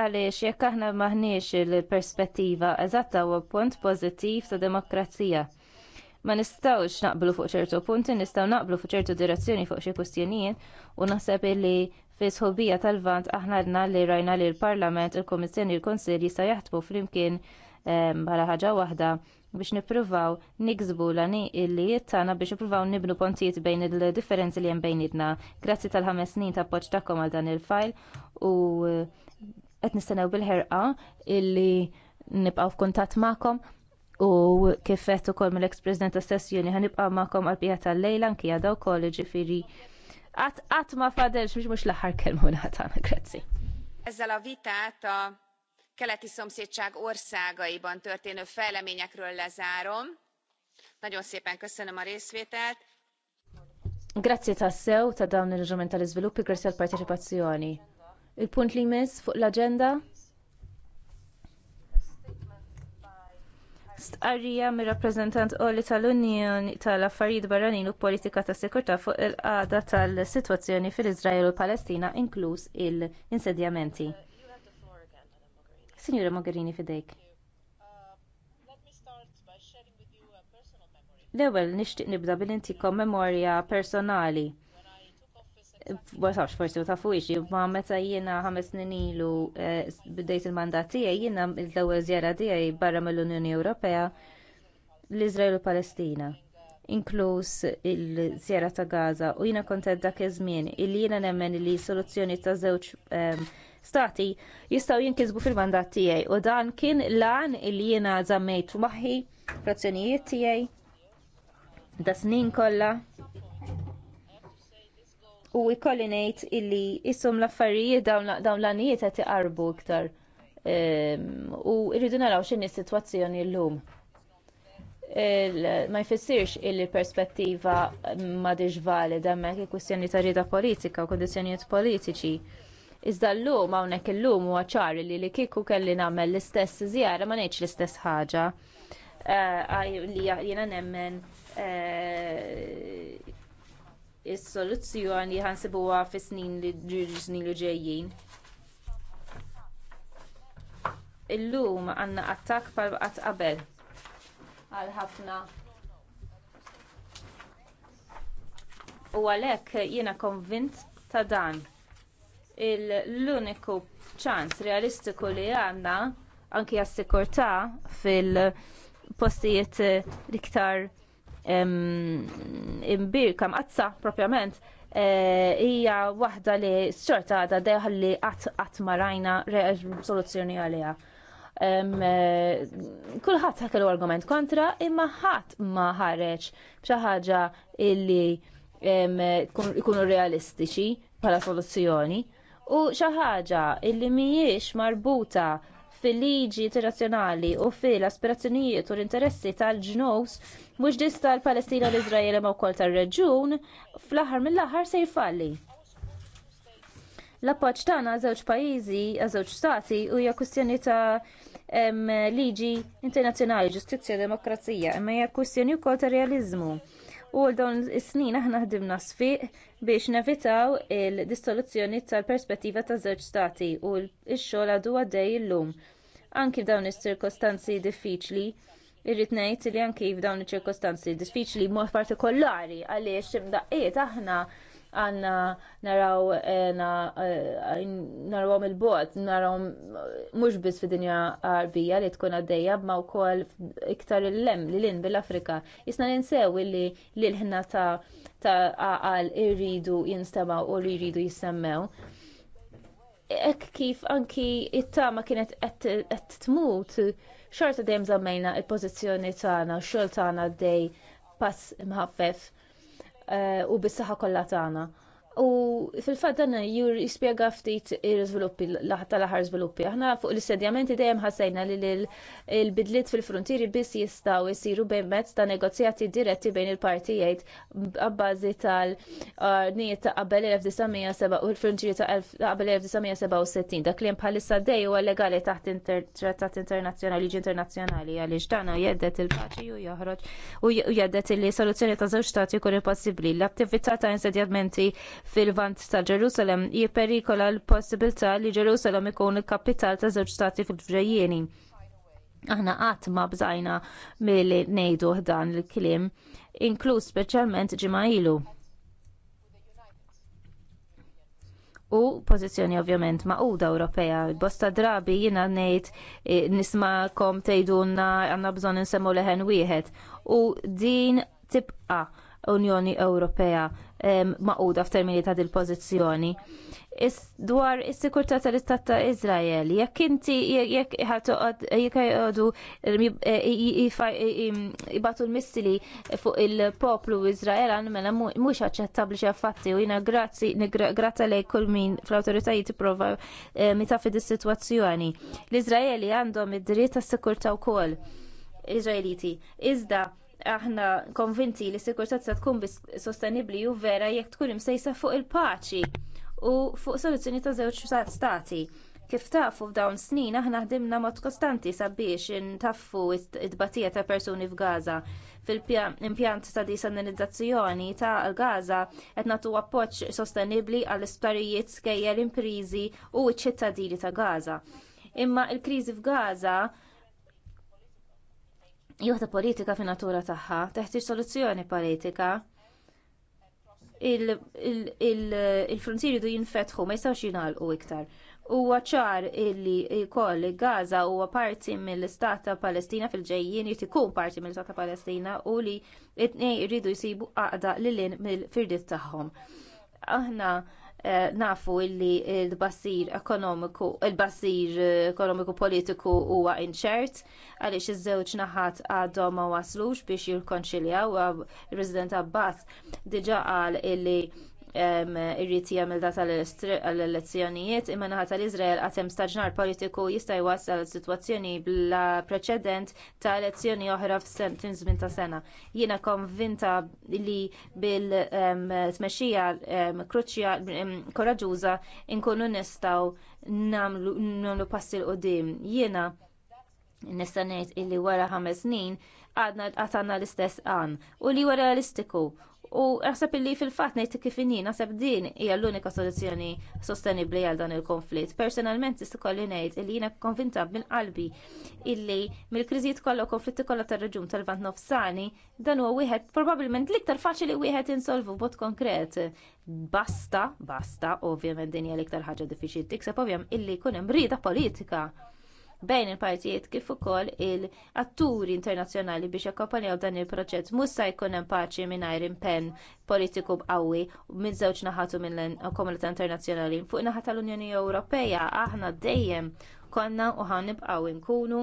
Għaliex jekk aħna maħniex il-perspettiva eżatta huwa punt pożittiv ta' demokrazija. Ma nistgħux naqblu fuq ċertu punti, nistgħu naqblu fuq ċertu direzzjoni fuq xi kustjonijin u naħseb li fi tal-vant aħna għadna li rajna li l-Parlament, il-Komissjoni, il-Konsil jista' jaħdmu flimkien ehm, bħala ħaġa waħda biex nippruvaw niksbu l illi jittana biex nippruvaw nibnu pontijiet bejn il-differenzi li hemm bejnitna. Grazzi tal-ħames snin ta' poċtakom għal dan il-fajl u qed nistennew bil-ħerqa illi nibqgħu f'kuntatt magħkom u kif qed ukoll mill-ex president ta' sessjoni ħanibqa' magħkom għal bija tal-lejla anki għadha wkoll ġifieri qatt ma fadelx biex mhux l-aħħar kelma tagħna grazzi. Ezzel a vitát a keleti szomszédság országaiban történő fejleményekről lezárom. Nagyon szépen köszönöm a részvételt. Grazzi tassew ta' dawn il-ġument tal-izviluppi, grazie għal partiċipazzjoni Il-punt li jmiss fuq l-aġenda Stqarrija mir rappreżentant qoli tal-Unjoni tal-Affarijiet Barranin u Politika ta' Sikurtà fuq il qada tal-sitwazzjoni fil-Iżrael u l-Palestina inkluż il-insedjamenti. Signora Mogherini fidejk. L-ewwel nixtieq nibda bil intikom memorja personali ma forsi forsi tafu iġi, ma meta jiena ħames snin ilu eh, bdejt il-mandat tiegħi jiena l-ewwel zjara tiegħi barra mill-Unjoni Ewropea l-Iżrael u Palestina inkluż il-żjara ta' Gaza u jiena kontent dak iż-żmien illi jiena nemmen li soluzzjoni ta' żewġ eh, stati jistgħu jinkisbu fil-mandat tiegħi u dan kien lan il jiena żammejt maħi frazzjonijiet tiegħi da snin kollha u ikolli ngħid illi jissum l-affarijiet dawn l-għanijiet qed iqarbu iktar. Ehm, u rridu naraw xinni situazzjoni sitwazzjoni llum. Ma jfissirx illi perspettiva ma diġvali da hemmhekk kwistjoni ta' politika u kundizzjonijiet politiċi. Iżda llum hawnhekk illum huwa għacħar li li kieku kelli nagħmel l-istess żjara ma ngħidx l-istess ħaġa. Eh, li jiena nemmen eh, is-soluzzjoni ħansibuha fis-snin li snin li ġejjin. Illum għandna attakk bħal qatt qabel għal ħafna u għalhekk jiena konvint ta' dan. L-uniku ċans realistiku li għandna anki għas-sikurtà fil-postijiet l-iktar imbir kam qazza propjament eh, hija waħda li s-xorta għada deħal li qatt marajna soluzzjoni għaliha. Eh, kulħadd ħa kellu argument kontra imma ħadd ma ħareċ b'xi ħaġa illi ikunu realistiċi bħala soluzzjoni u xi ħaġa illi mhijiex marbuta fil-liġi internazzjonali u fil-aspirazzjonijiet u l-interessi tal ġnows mhux dista' tal-Palestina u l-Iżrael ma wkoll tar-reġjun fl-aħħar mill-aħħar se jfalli. L-appoġġ tagħna żewġ pajjiżi żewġ stati huwa kwistjoni ta' liġi internazzjonali, ġustizzja u demokrazija, imma hija kwistjoni wkoll ta' realiżmu. U dawn is-snin aħna ħdimna sfiq biex nevitaw il-dissoluzzjoni tal-perspettiva ta' żewġ stati u l xogħol għadu għaddej illum anki f'dawn is-sirkostanzi diffiċli. Irrid ngħid li anki f'dawn iċ-ċirkostanzi diffiċli mod partikolari għaliex imdaqqiet aħna għanna naraw eh, eh, narawhom il-bot, narawhom mhux biss fid-dinja Arbija li tkun għaddejja ma wkoll iktar il-lem li lin bil-Afrika. Isna ninsew li l-ħna ta' għaqal irridu jinstema' u li jridu jissemmew ek kif anki it-tama kienet qed tmut xorta dejjem żammejna l-pożizzjoni tagħna, x-xogħol tagħna dej pass imħaffef eh, u bis-saħħa kollha tagħna. U fil-fatt dan jur jispjega ftit il żviluppi tal-aħħar żviluppi. Aħna fuq l-istedjamenti dejjem ħassejna li l bidlit fil-frontieri biss jistgħu jsiru bejn mezz ta' negozjati diretti bejn il-partijiet għabbażi tal-nijiet uh, ta' qabel 1907 u l-frontieri ta' qabel 1967. Dak li bħalissa dej huwa legali taħt trattat internazzjonali liġi internazzjonali għaliex dana jeddet il-paċi u joħroġ u jeddet li soluzzjoni ta' żewġ stati kuri possibli. L-attività ta' insedjamenti fil-vant ta' Ġerusalem jipperikola l-possibilità li Ġerusalem ikun il-kapital ta' żewġ stati fil-ġejjieni. Aħna qatt ma bżajna milli ngħidu dan il-kliem, inkluż speċjalment ġimgħa ilu. u pożizzjoni ovvjament maquda Ewropea. Bosta drabi jiena ngħid e, nismakom tgħidulna għandna bżonn insemmu leħen wieħed u din tibqa' Unjoni Ewropea maquda f'termini ta' dil pożizzjoni dwar is-sikurtà tal-Istat ta' Izrael, jekk inti jekk ħatoqgħod jekk jgħodu jibatu e, l-missili fuq il-poplu Iżraelan mela mhux aċċettabbli xi affatti u jiena grazzi grazza lej kull min fl-awtoritajiet ipprova eh, mitaf is-sitwazzjoni. L-Iżraeli għandhom id-dritt tas-sikurtà wkoll. Iżraeliti. Iżda aħna konvinti li s-sikurtà se tkun sostenibbli u vera jekk tkun imsejsa fuq il-paċi u fuq soluzzjoni ta' żewġ stati. Kif tafu f'dawn snin aħna ħdimna mod kostanti sabiex intaffu t-tbatija ta' persuni f'Gaza. Fil-impjant ta' disanalizzazzjoni ta' Gaza qed nagħtu appoġġ sostenibbli għall isptarijiet skejjer impriżi u ċ-ċittadini ta' Gaza. Imma l kriżi f'Gaza joħda politika fin natura tagħha, teħtiġ soluzzjoni politika. Il-frontieri du jinfetħu ma jistgħux jingħalqu iktar. Huwa ċar illi koll Gaza huwa parti mill istata Palestina fil-ġejjien jrid ikun parti mill istata Palestina u li t-tnejn jridu jsibu l lil mill firdit tagħhom. Aħna Eh, nafu illi il-basir ekonomiku, il-basir eh, ekonomiku politiku huwa inċert, għaliex iż-żewġ naħat għadhom ma waslux biex jirkonċiljaw, il-President Abbas diġa qal illi irrid jagħmel data għall elezzjonijiet imma naħa tal-Iżrael qatt hemm staġnar politiku jista' jwassal sitwazzjoni bla preċedent ta' elezzjoni oħra f'tin żmien ta' sena. Jiena konvinta li bil-tmexxija kruċja koraġuża inkunu nistgħu nagħmlu passi l-qudiem. Jiena nista' ngħid illi wara ħames snin għadna għatanna l-istess għan u li wara realistiku U naħseb illi fil-fatt ngħid kif inhi naħseb din hija l-unika soluzzjoni sostenibbli għal dan il-konflitt. Personalment tista' kolli ngħid li jiena konvinta mill-qalbi illi mill-kriżijiet kollha u konflitti kollha tar reġum tal-Vant Nofsani dan huwa wieħed probabbilment l-iktar faċli wieħed insolvu bot konkret. Basta, basta, ovvjament din hija l-iktar ħaġa diffiċli tikseb ovvjament illi jkun hemm rida politika bejn il-partijiet kif ukoll il-atturi internazzjonali biex jakkompanjaw dan il-proċess mhux se jkun hemm paċi mingħajr impenn politiku qawwi minn żewġ naħatu mill komunità internazzjonali. Fuq naħa tal-Unjoni Ewropea aħna dejjem konna u ħan nibqgħu nkunu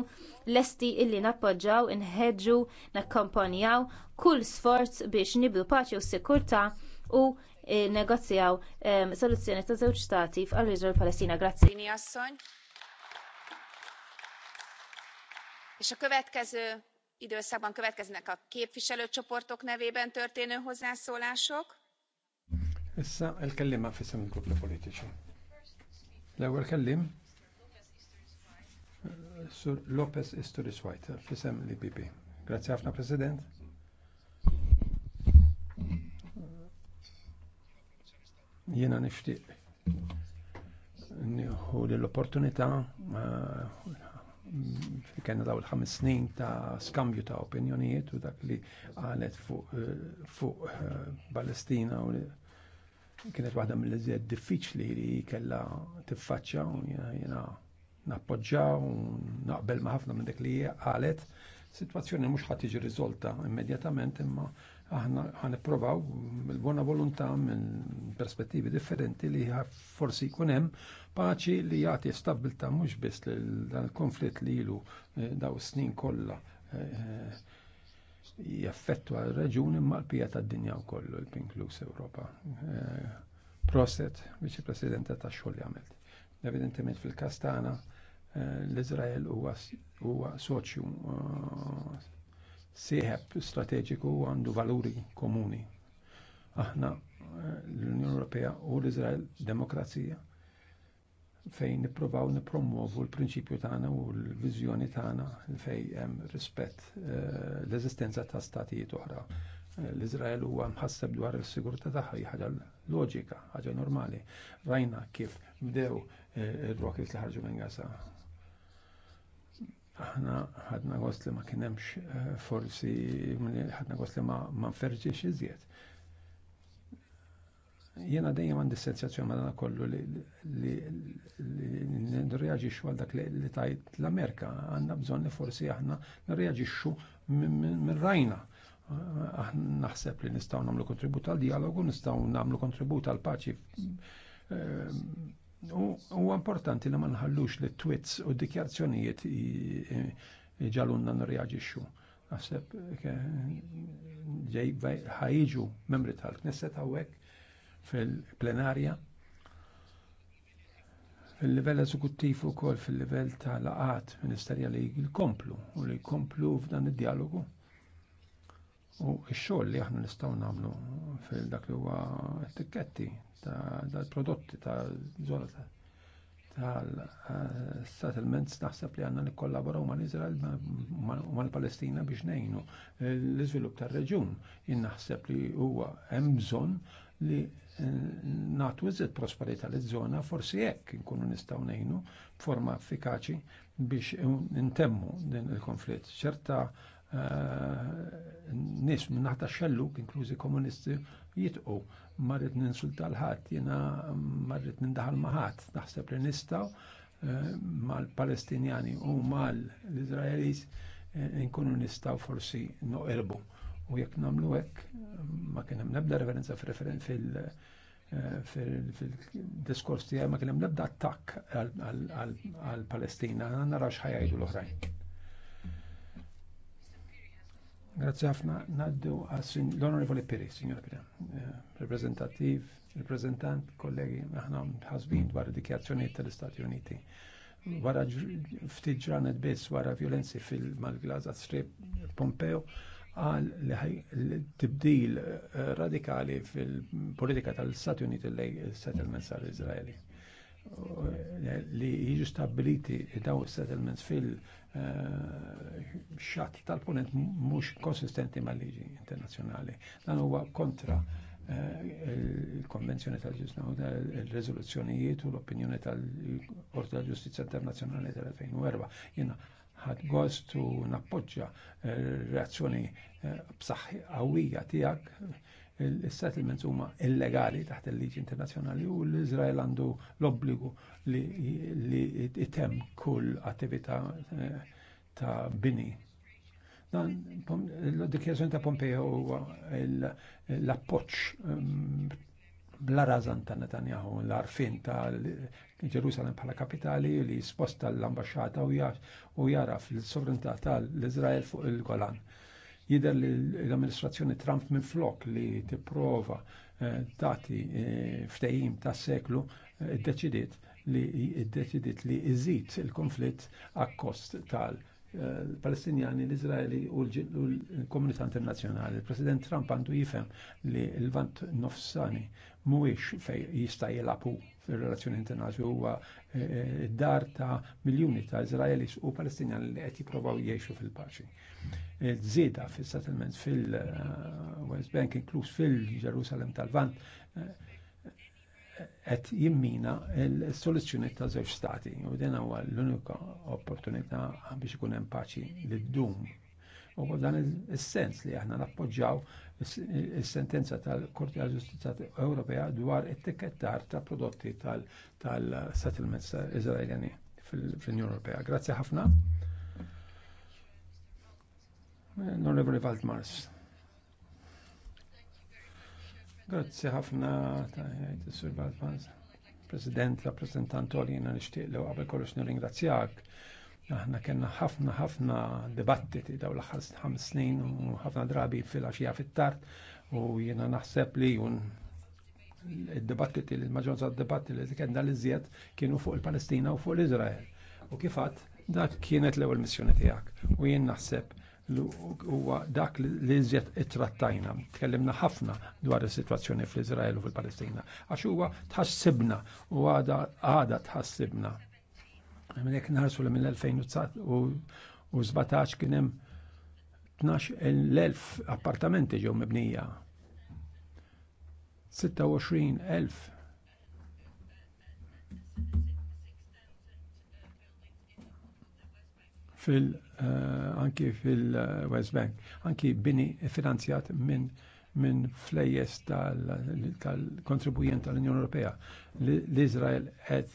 lesti illi nappoġġaw, inħeġġu, nakkompanjaw kull sforz biex nibdu paċi u sikurtà u eh, negozjaw eh, soluzzjoni ta' żewġ stati f'qal-Palestina. Grazzi. és a következő időszakban következnek a képviselőcsoportok nevében történő hozzászólások. Issa el kellima fissam il-gruppi politiċi. L-ewwel kellim Sur Lopez Isturis White, fissem l-IPP. Grazie ħafna President. Jena nixtieq nieħu l-opportunità eh, kena daw il-ħames snin ta' skambju ta' opinjonijiet u dak li għalet fuq eh, eh, Palestina u kienet waħda mill-iżjed diffiċli li kella tiffaċċja u jena nappoġġa u naqbel ma' ħafna minn dak li għalet. Situazzjoni mhux ħat iġi riżolta immedjatament imma aħna ħanipprovaw il bona volontà minn perspettivi differenti li forsi jkun hemm paċi li jagħti stabilità mhux biss dan il-konflitt li ilu eh, daw snin kollha eh, eh, jaffettwa r-reġuni ma l-pija tad-dinja u kollu l pinklus Ewropa. Prostet, viċi presidenta ta' xogħol li għamilt. Evidentement fil-Kastana l-Izrael huwa soċju sieħeb strateġiku għandu valuri komuni. Aħna eh, l-Unjoni Ewropea u l-Izrael demokrazija fejn nipprovaw nipromovu l-prinċipju tagħna u l-viżjoni tagħna fejn hemm rispett eh, l-eżistenza ta' statijiet oħra. Eh, L-Izrael huwa mħasseb dwar is-sigurtà tagħha ħaġa loġika, ħaġa normali. Rajna kif bdew ir-rokit li ħarġu minn Gaza Aħna ħadna gost li ma kienemx eh, forsi ħadna li ma ma nferġiex iżjed. Jena dejjem għandi sensazzjoni ma dan kollu li nirreaġixxu għal dak li tajt l-Amerika għandna bżonn li forsi aħna nirreaġixxu minn rajna aħna naħseb li nistgħu nagħmlu kontribut għal dialogu, nistgħu nagħmlu kontribut għal paċi eh, U importanti li ma nħallux li twits u dikjarzjonijiet ġalunna nreagġixxu. Naħseb ġej ħajġu membri tal-Knesset hawnhekk fil-plenarja fil-livell eżekuttiv ukoll fil-livell tal ministerja ministerjali jkomplu u li jkomplu f'dan id-dialogu. U x-xogħol li aħna nistgħu nagħmlu fil-dak li huwa etiketti tal-prodotti tal-żona tal-settlements naħseb li għanna kollaboraw ma' Izrael u ma' palestina biex nejnu l-iżvilupp tar-reġjun. Innaħseb li huwa hemm bżonn li eh, natu iżid prosperità l żona forsi jekk nkunu nistgħu nejnu b'forma effikaċi biex intemmu din il-konflitt. ċerta nis minn naħta xelluk, inklużi komunisti, jitqu. Marrit ninsulta l-ħat, jena marrit nindaħal maħat, naħseb li nistaw eh, mal-Palestinjani u mal-Izraelis eh, nkunu nistaw forsi noqerbu. U jekk namlu hekk ma kien hemm nebda referenza fil- eh, diskors tiegħi ma kien hemm nebda attakk għall-Palestina, nara x'ħajajdu l-oħrajn. Grazie ħafna naddu l-Onorevoli Piri, signora Piri, eh, reprezentativ, reprezentant, kollegi, aħna ħasbin dwar dikjazzjoniet tal-Istati Uniti. Wara ftit ġranet biss wara violenzi fil-Malglaza Strip Pompeo għal li tibdil eh, radikali fil-politika tal-Stati Uniti lej settlements tal-Izraeli li jiġu stabiliti daw settlements fil eh, xatt tal-ponent mhux konsistenti mal-liġi internazzjonali. Dan huwa kontra eh, il-konvenzjoni tal ġustizja il-rezoluzzjonijiet u l-opinjoni tal kort tal-Ġustizja Internazzjonali tal-2004. Jena ħad gost u nappoġġa eh, reazzjoni b'saħħi għawija tiegħek il-settlements huma illegali taħt il-liġi internazzjonali u l-Izrael għandu l-obbligu li jitem kull attività eh, ta' bini. Dan l-dikjazzjoni ta' Pompeo huwa l-appoċ mm, bla razan ta' Netanyahu, l-arfin ta' Ġerusalem bħala kapitali li sposta l-ambasċata u jaraf l-sovranità tal-Izrael fuq il-Golan Jider li l-amministrazzjoni Trump minn flok li tipprova eh, tati eh, ftehim ta' seklu eh, iddeċidiet li iddeċidiet li iżid il-konflitt kost tal- palestinjani, l-Izraeli u l-komunità internazjonali. Il-President Trump għandu jifhem li l-vant nofsani mhuwiex fej jista' jilabu fil-relazzjoni internazjonali huwa id-dar eh, eh, ta' miljuni ta' Izraelis u Palestinjani li qed jipprovaw jgħixu fil-paċi. Eh, żieda fis-settlements fil-West Bank inkluż fil-Ġerusalem tal-Vant qed jimmina l-soluzzjoni ta' żewġ stati u din huwa l-unika opportunità biex ikun hemm paċi li ddum U dan is-sens li aħna nappoġġaw is-sentenza tal-Korti għal Ġustizja Ewropea dwar it-tikettar ta' prodotti tal-settlements Izraeljani fl-Unjoni Ewropea. Grazzi ħafna. Onorevoli Valdmars. Grazzi ħafna ta' Sur Valdmars. President, rappresentant għolina nishtiq l-għabel kollox nir-ingrazzjak Aħna kena ħafna ħafna dibattiti daw l-aħħar ħam snin u ħafna drabi fil axija fit-tard u jiena naħseb li jun id-dibattiti li l-maġġoranza d-dibattiti li kellna li żjed kienu fuq il-Palestina u fuq l-Iżrael. U kifat dak kienet l-ewwel missjoni tiegħek u jien naħseb huwa dak li iżjed trattajna Tkellimna ħafna dwar is-sitwazzjoni fl-Iżrael u fil-Palestina għax huwa tħassibna u għada tħassibna Għamilek l li u 2017 kienem 12.000 appartamenti ġew mibnija. 26.000 fil uh, anki fil-West Bank, anki bini finanzjat minn min flejjes tal-kontribujent tal-Unjoni Ewropea. L-Izrael qed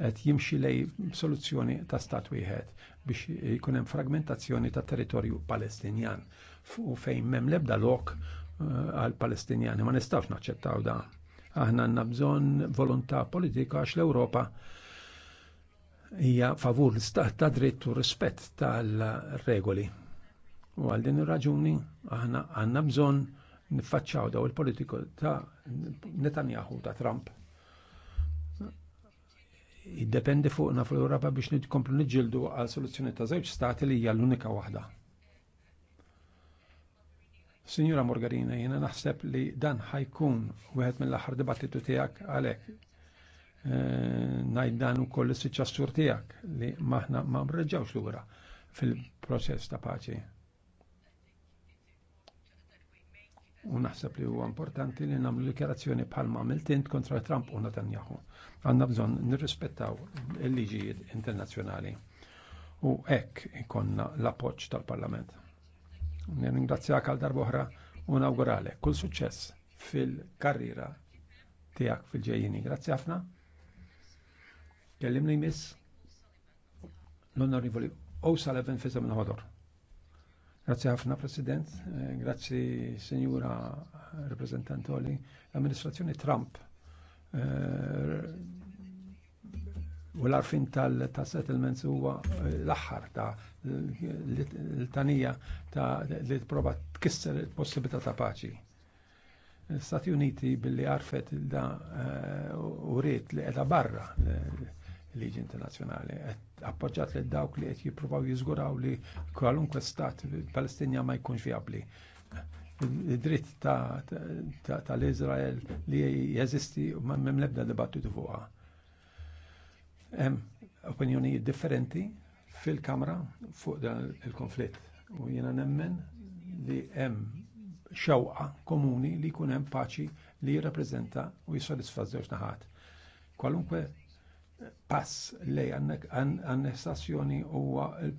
qed jimxi lej soluzzjoni ta' stat wieħed biex jkun hemm fragmentazzjoni ta' territorju Palestinjan u fejn m'hemm l-ebda lok eh, għal Palestinjani ma nistax naċċettaw da. Aħna għandna bżonn volontà politika għax l-Ewropa hija favur l-istat ta' dritt u rispett tal-regoli. U għal din ir-raġuni aħna għandna bżonn niffaċċaw daw il-politiku ta' Netanyahu ta' Trump jiddependi fuqna fl-Europa biex nitkomplu nġildu għal soluzzjoni ta' żewġ stati li hija l-unika waħda. Signora Morgarina, jena naħseb li dan ħajkun wieħed mill-aħħar dibattitu tiegħek għalhekk. Eh, Najd dan ukoll is-siċċassur tiegħek li maħna ma mreġġawx lura fil-proċess ta' paċi. U naħseb li huwa importanti li nagħmlu dikjarazzjoni bħalma għamiltint kontra Trump u Netanyahu. Għandna bżonn nirrispettaw il-liġijiet internazzjonali. U hekk ikonna l-appoġġ tal-Parlament. Nirringrazzjak għal darba oħra u nawgurale kull suċċess fil-karriera tiegħek fil-ġejjini. Grazzi ħafna. Kellimni miss l-Onorevoli O'Sullivan fi żemien ħodor. Grazie ħafna, President. Eh, grazie, Signora Rappresentantoli. L-amministrazzjoni Trump eh, u l-arfin tal-settlements huwa eh, l-axħar ta' l-tanija ta' li t-prova tkisser il-possibilità ta' paċi. Stati Uniti billi għarfet da' u rrit li edha barra liġi internazzjonali. Appoġġat li dawk li qed jippruvaw jiżguraw li kwalunkwe stat Palestinja ma jkunx viabli. Id-dritt tal-Izrael li jeżisti m'hemm l-ebda dibattitu fuqha. Hemm opinjonijiet differenti fil-Kamra fuq dan il-konflitt u jiena nemmen li hemm xewqa komuni li jkun hemm paċi li jirrappreżenta u jissodisfa żewġ naħat. Kwalunkwe pass lej annessazzjoni huwa eh,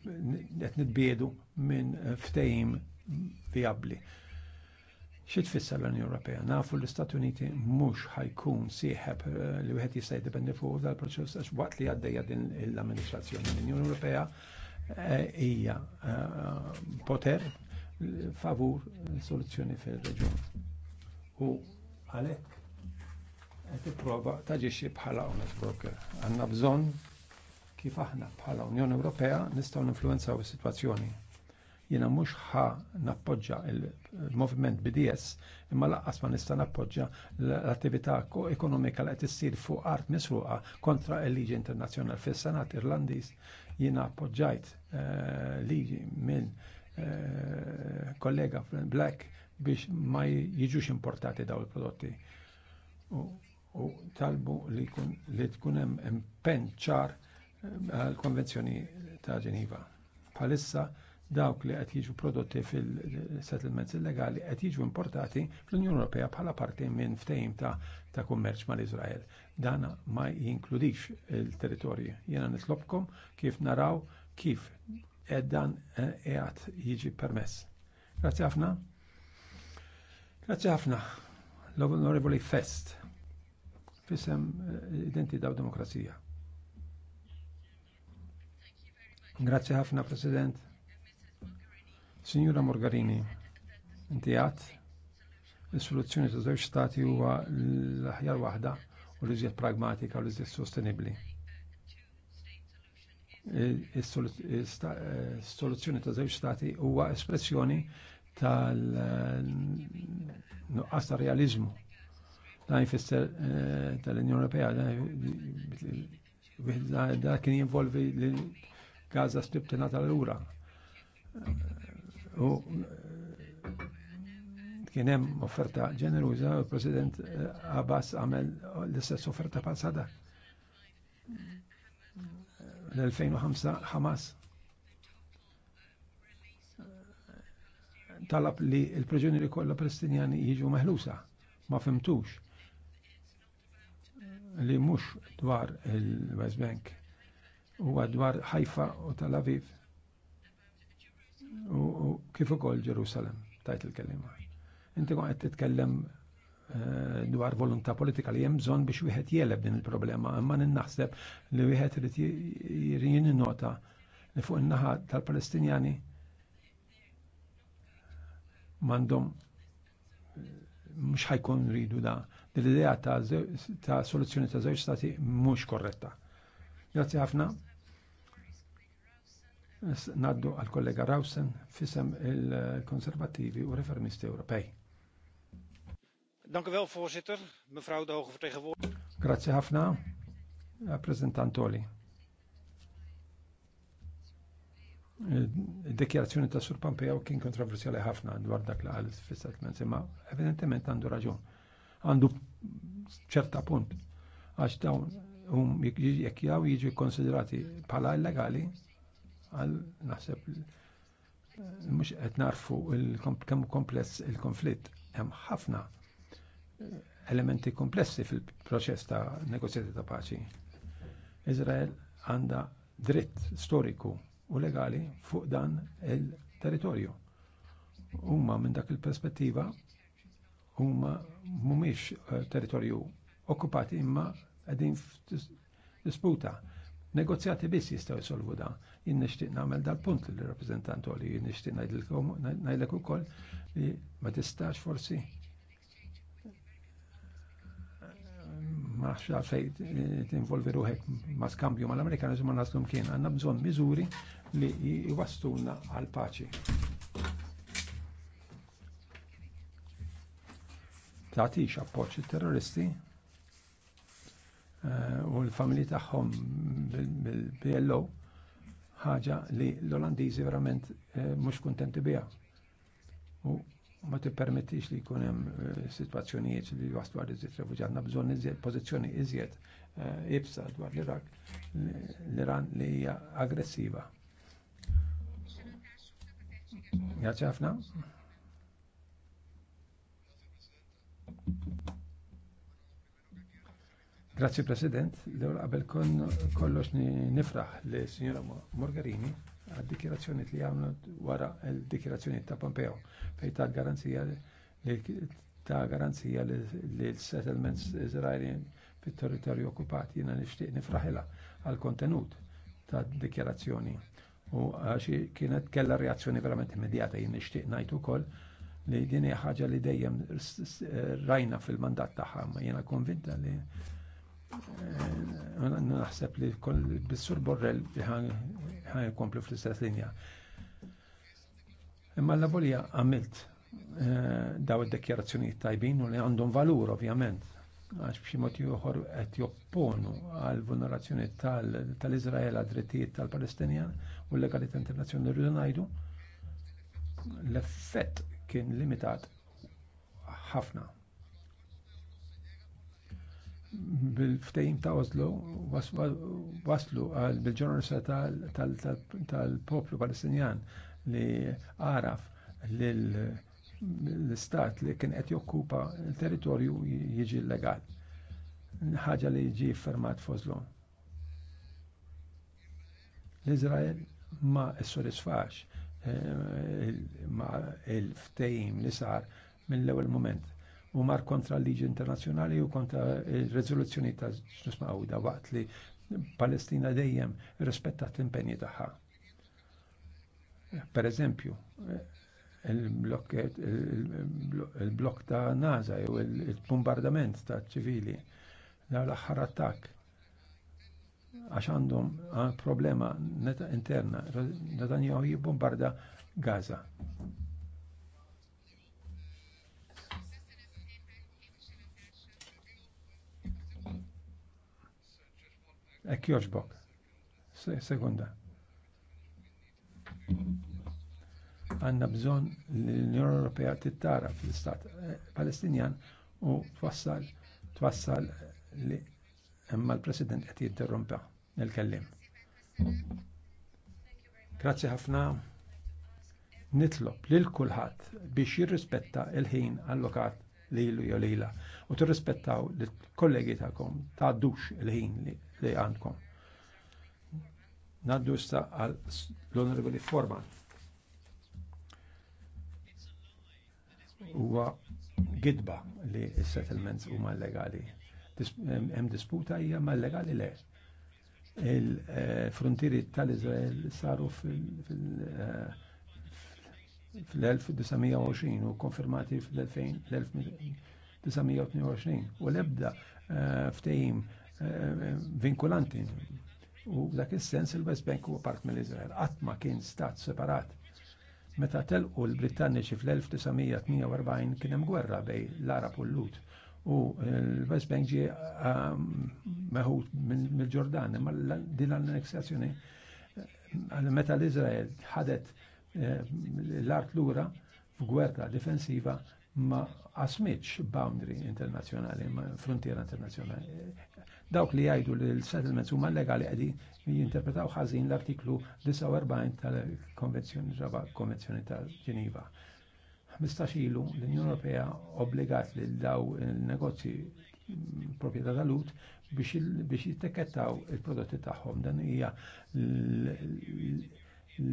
qed nitbiedu minn eh, ftehim viabli. Xi tfisser l-Unjoni Ewropea? Nafu l-Istati Uniti mhux ħajkun sieħeb eh, li wieħed jista' jdependi fuq dal-proċess għax waqt li għaddejja din l-amministrazzjoni l-Unjoni Ewropea hija poter favur soluzzjoni fil-reġjun. U għalhekk ipprova taġixxi bħala honest broker. Għandna bżonn kif aħna bħala Unjoni Ewropea nistgħu ninfluwenzaw is-sitwazzjoni. Jiena mhux ħa nappoġġa il-movement BDS imma laqqas ma nista' nappoġġa l-attività ekonomika li qed issir fuq art misruqa kontra l-liġi internazzjonali fis-Senat Irlandiż jiena appoġġajt eh, liġi minn eh, kollega Black biex ma jiġux importati daw il-prodotti u talbu li, kun, li tkun hemm impenn ċar eh, għall-Konvenzjoni ta' Ġeniva. Palissa dawk li qed jiġu prodotti fil-settlements illegali qed jiġu importati fl-Unjoni Ewropea bħala parti minn ftehim ta', ta kummerċ mal-Iżrael. Dan ma jinkludix il-territorji. Jiena nitlobkom kif naraw kif dan eh, qiegħed jiġi permess. Grazzi ħafna. Grazzi ħafna. L-Onorevoli Fest fisem eh, identità u demokrazija. Grazie ħafna, President. Signora Morgarini, inti għat il-soluzzjoni ta' żewġ stati huwa l-aħjar waħda u l-iżjed pragmatika u l-iżjed sostenibbli. il eh, soluzzjoni ta' żewġ stati huwa espressjoni tal-nuqqas eh, ta' realizmu Dan jfisser eh, tal-Unjoni Ewropea, da eh, kien jinvolvi l-Gaza strip tal l-ura. U eh, kien hemm offerta ġeneruża u l-President Abbas għamel l-istess offerta bħal L-2005 Hamas talab li l-preġunieri kollha Palestinjani jiġu meħlusa ma fimtux li mhux dwar il-West Bank huwa dwar Haifa u Tel Aviv u kif ukoll Ġerusalem tajt il-kelima. Inti qed titkellem eh, dwar volontà politika li hemm bżonn biex wieħed jeleb din il-problema, imma ninnaħseb li wieħed irid jirin innota li fuq in-naħa tal-Palestinjani m'għandhom eh, mhux ħajkun ridu da l-idea ta', ta soluzzjoni ta' zewġ stati mhux korretta. Grazzi ħafna. Naddu għal kollega Rawsen fisem il-konservativi u reformisti Ewropej. Dank u wel, voorzitter. Mevrouw de hoge vertegenwoordiger. Grazie ħafna. Rappresentantoli. Eh, Dikjarazzjoni ta' Sur Pompeo kien kontroversjali ħafna dwar dak li għal fissat ma evidentement għandu raġun għandu ċerta punt. Għax dawn hum jekk jaw jiġu konsiderati bħala illegali, għal naħseb mhux qed narfu kemm kompless il-konflitt hemm ħafna eh, elementi komplessi fil-proċess ta' negozjati ta' paċi. Izrael għandha dritt storiku u legali fuq dan il-territorju. Huma minn dak il-perspettiva huma mhumiex eh, territorju okkupati imma qegħdin disputa. Negozjati biss jistgħu jsolvu dan. Jien nixtieq nagħmel dal-punt lill rappreżentant li jien nixtieq ngħidlek ukoll li ma tistax forsi ma t-involvi ruħek ma skambju mal-Amerikanizmu ma naslum kien għandna bżonn miżuri li jwastulna għal paċi. tagħtix appoġġ it-terroristi eh, u l-familji tagħhom bil-PLO ħaġa li l-Olandiżi verament eh, mhux kuntenti biha. U ma tippermettix li jkun hemm eh, sitwazzjonijiet li waslu għal iżjed refuġjat na bżonn iżjed pożizzjoni iżjed ibsa dwar l-Irak l-Iran li hija aggressiva. Jaċafna? Grazzi President, l-ewwel qabel kollox nifraħ li Sinjora Morgarini għad-dikjerazzjoni li għamlet wara l-dikjerazzjoni ta' Pompeo fejn ta' garanzija ta' garanzija li l-settlements Izraeli fit-territorju okkupati jiena nixtieq nifraħilha għal kontenut ta' dikjerazzjoni u għaxi kienet kella reazzjoni verament immedjata jien nixtieq ngħid ukoll li din hija ħaġa li dejjem rajna fil-mandat tagħha, ma jiena konvinta li eh, naħseb li bis-sur Borrell ħan jkomplu fl-istess linja. Imma l-labolija għamilt eh, daw id-dekjarazzjonijiet tajbin u li għandhom valur ovvjament għax b'xi mod ieħor qed jopponu għal vulnerazzjoni tal-Iżrael għad drittijiet tal-Palestinjan u l-legalità internazzjonali rridu ngħidu l-effett kien limitat ħafna. bil ftejn ta' Oslo waslu għal bil-ġurnalista tal-poplu palestinjan li għaraf l-istat li kien qed jokkupa l-territorju jiġi legal. Ħaġa li jiġi fermat f'Oslo. L-Izrael ma s-sodisfax Eh, il-ftejim li sar minn l-ewwel moment. U mar kontra l-liġi internazzjonali u kontra il-rezoluzzjoni ta' ġnusma' da waqt li Palestina dejjem rispettat l-impenji tagħha. Per eżempju, il-blok ta' Naza jew il-bombardament ta' ċivili, l-aħħar attakk għax għandhom ah, problema interna. Netanjahu jibbombarda Gaza. Ek joġbok. Sekunda. Għanna bżon l-Unjoni Ewropea tittara fil-Stat eh, Palestinjan u twassal twassal li imma l-President qed jidderrompa il-kellim. Grazzi ħafna. Nitlob lil kulħadd biex jirrispetta il-ħin allokat lilu jew lila u tirrispettaw l-kollegi tagħkom tgħaddux il-ħin li għandkom. Naddu sta għal l-Onorevoli Forman. Huwa gidba li s-settlements huma legali hemm disputa hija ma legali le. Il-frontieri tal-Iżrael saru fil-1920 eh, u konfermati fil-1922 u l-ebda eh, ftehim eh, vinkulanti u dak is-sens il-West Bank huwa part mill-Iżrael qatt ma kien stat separat. Meta telqu l britanniċi fl-1948 kien hemm gwerra bejn l-Arab u l-Lut u l-West Bank ġie um, meħud mill-Ġordan, ma din l-annexazzjoni eh, meta l-Izrael ħadet eh, l-art lura f'gwerra difensiva ma asmitx boundary internazzjonali, ma frontiera internazjonali. Dawk li jgħidu li l-settlements huma legali għedi jinterpretaw ħażin l-artiklu 49 tal-Konvenzjoni ta' Ġeniva. 15 ilu l-Unjoni Ewropea obbligat li daw il-negozji propieta tal-ut biex jittekettaw il-prodotti tagħhom. Dan hija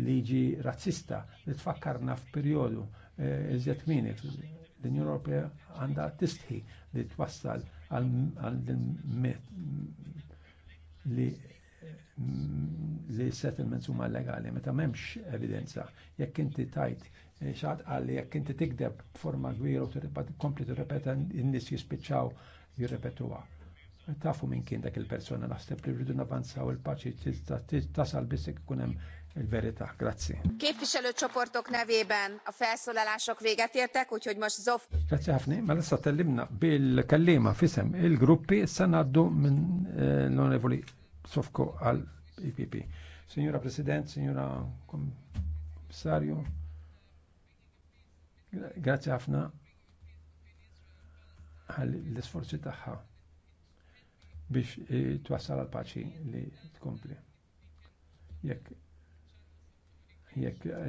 liġi razzista li tfakkarna f'perjodu eh, iżjed mini l-Unjoni Ewropea għandha tistħi li twassal għal li li settlements huma legali meta m'hemmx evidenza jekk inti tajt xaħat għalli jekk inti tikdeb b'forma kbira u kompli tirrepeta n-nis jispiċċaw jirrepetuha. Tafu minn kien dak il-persona naħseb li rridu navanzaw il-paċi tasal biss kunem il verita Grazzi. Képviselőcsoportok nevében a felszólalások véget értek, úgyhogy most Zof. Grazzi ħafna, ma mela issa tellimna bil-kallima fisem il-gruppi issa ngħaddu minn eh, l onevoli Sofko għal IPP. E signora President, Signora Komissarju, Grazie ħafna għall l-isforzi tagħha biex eh, twassal għal paċi li tkompli. Jekk jekk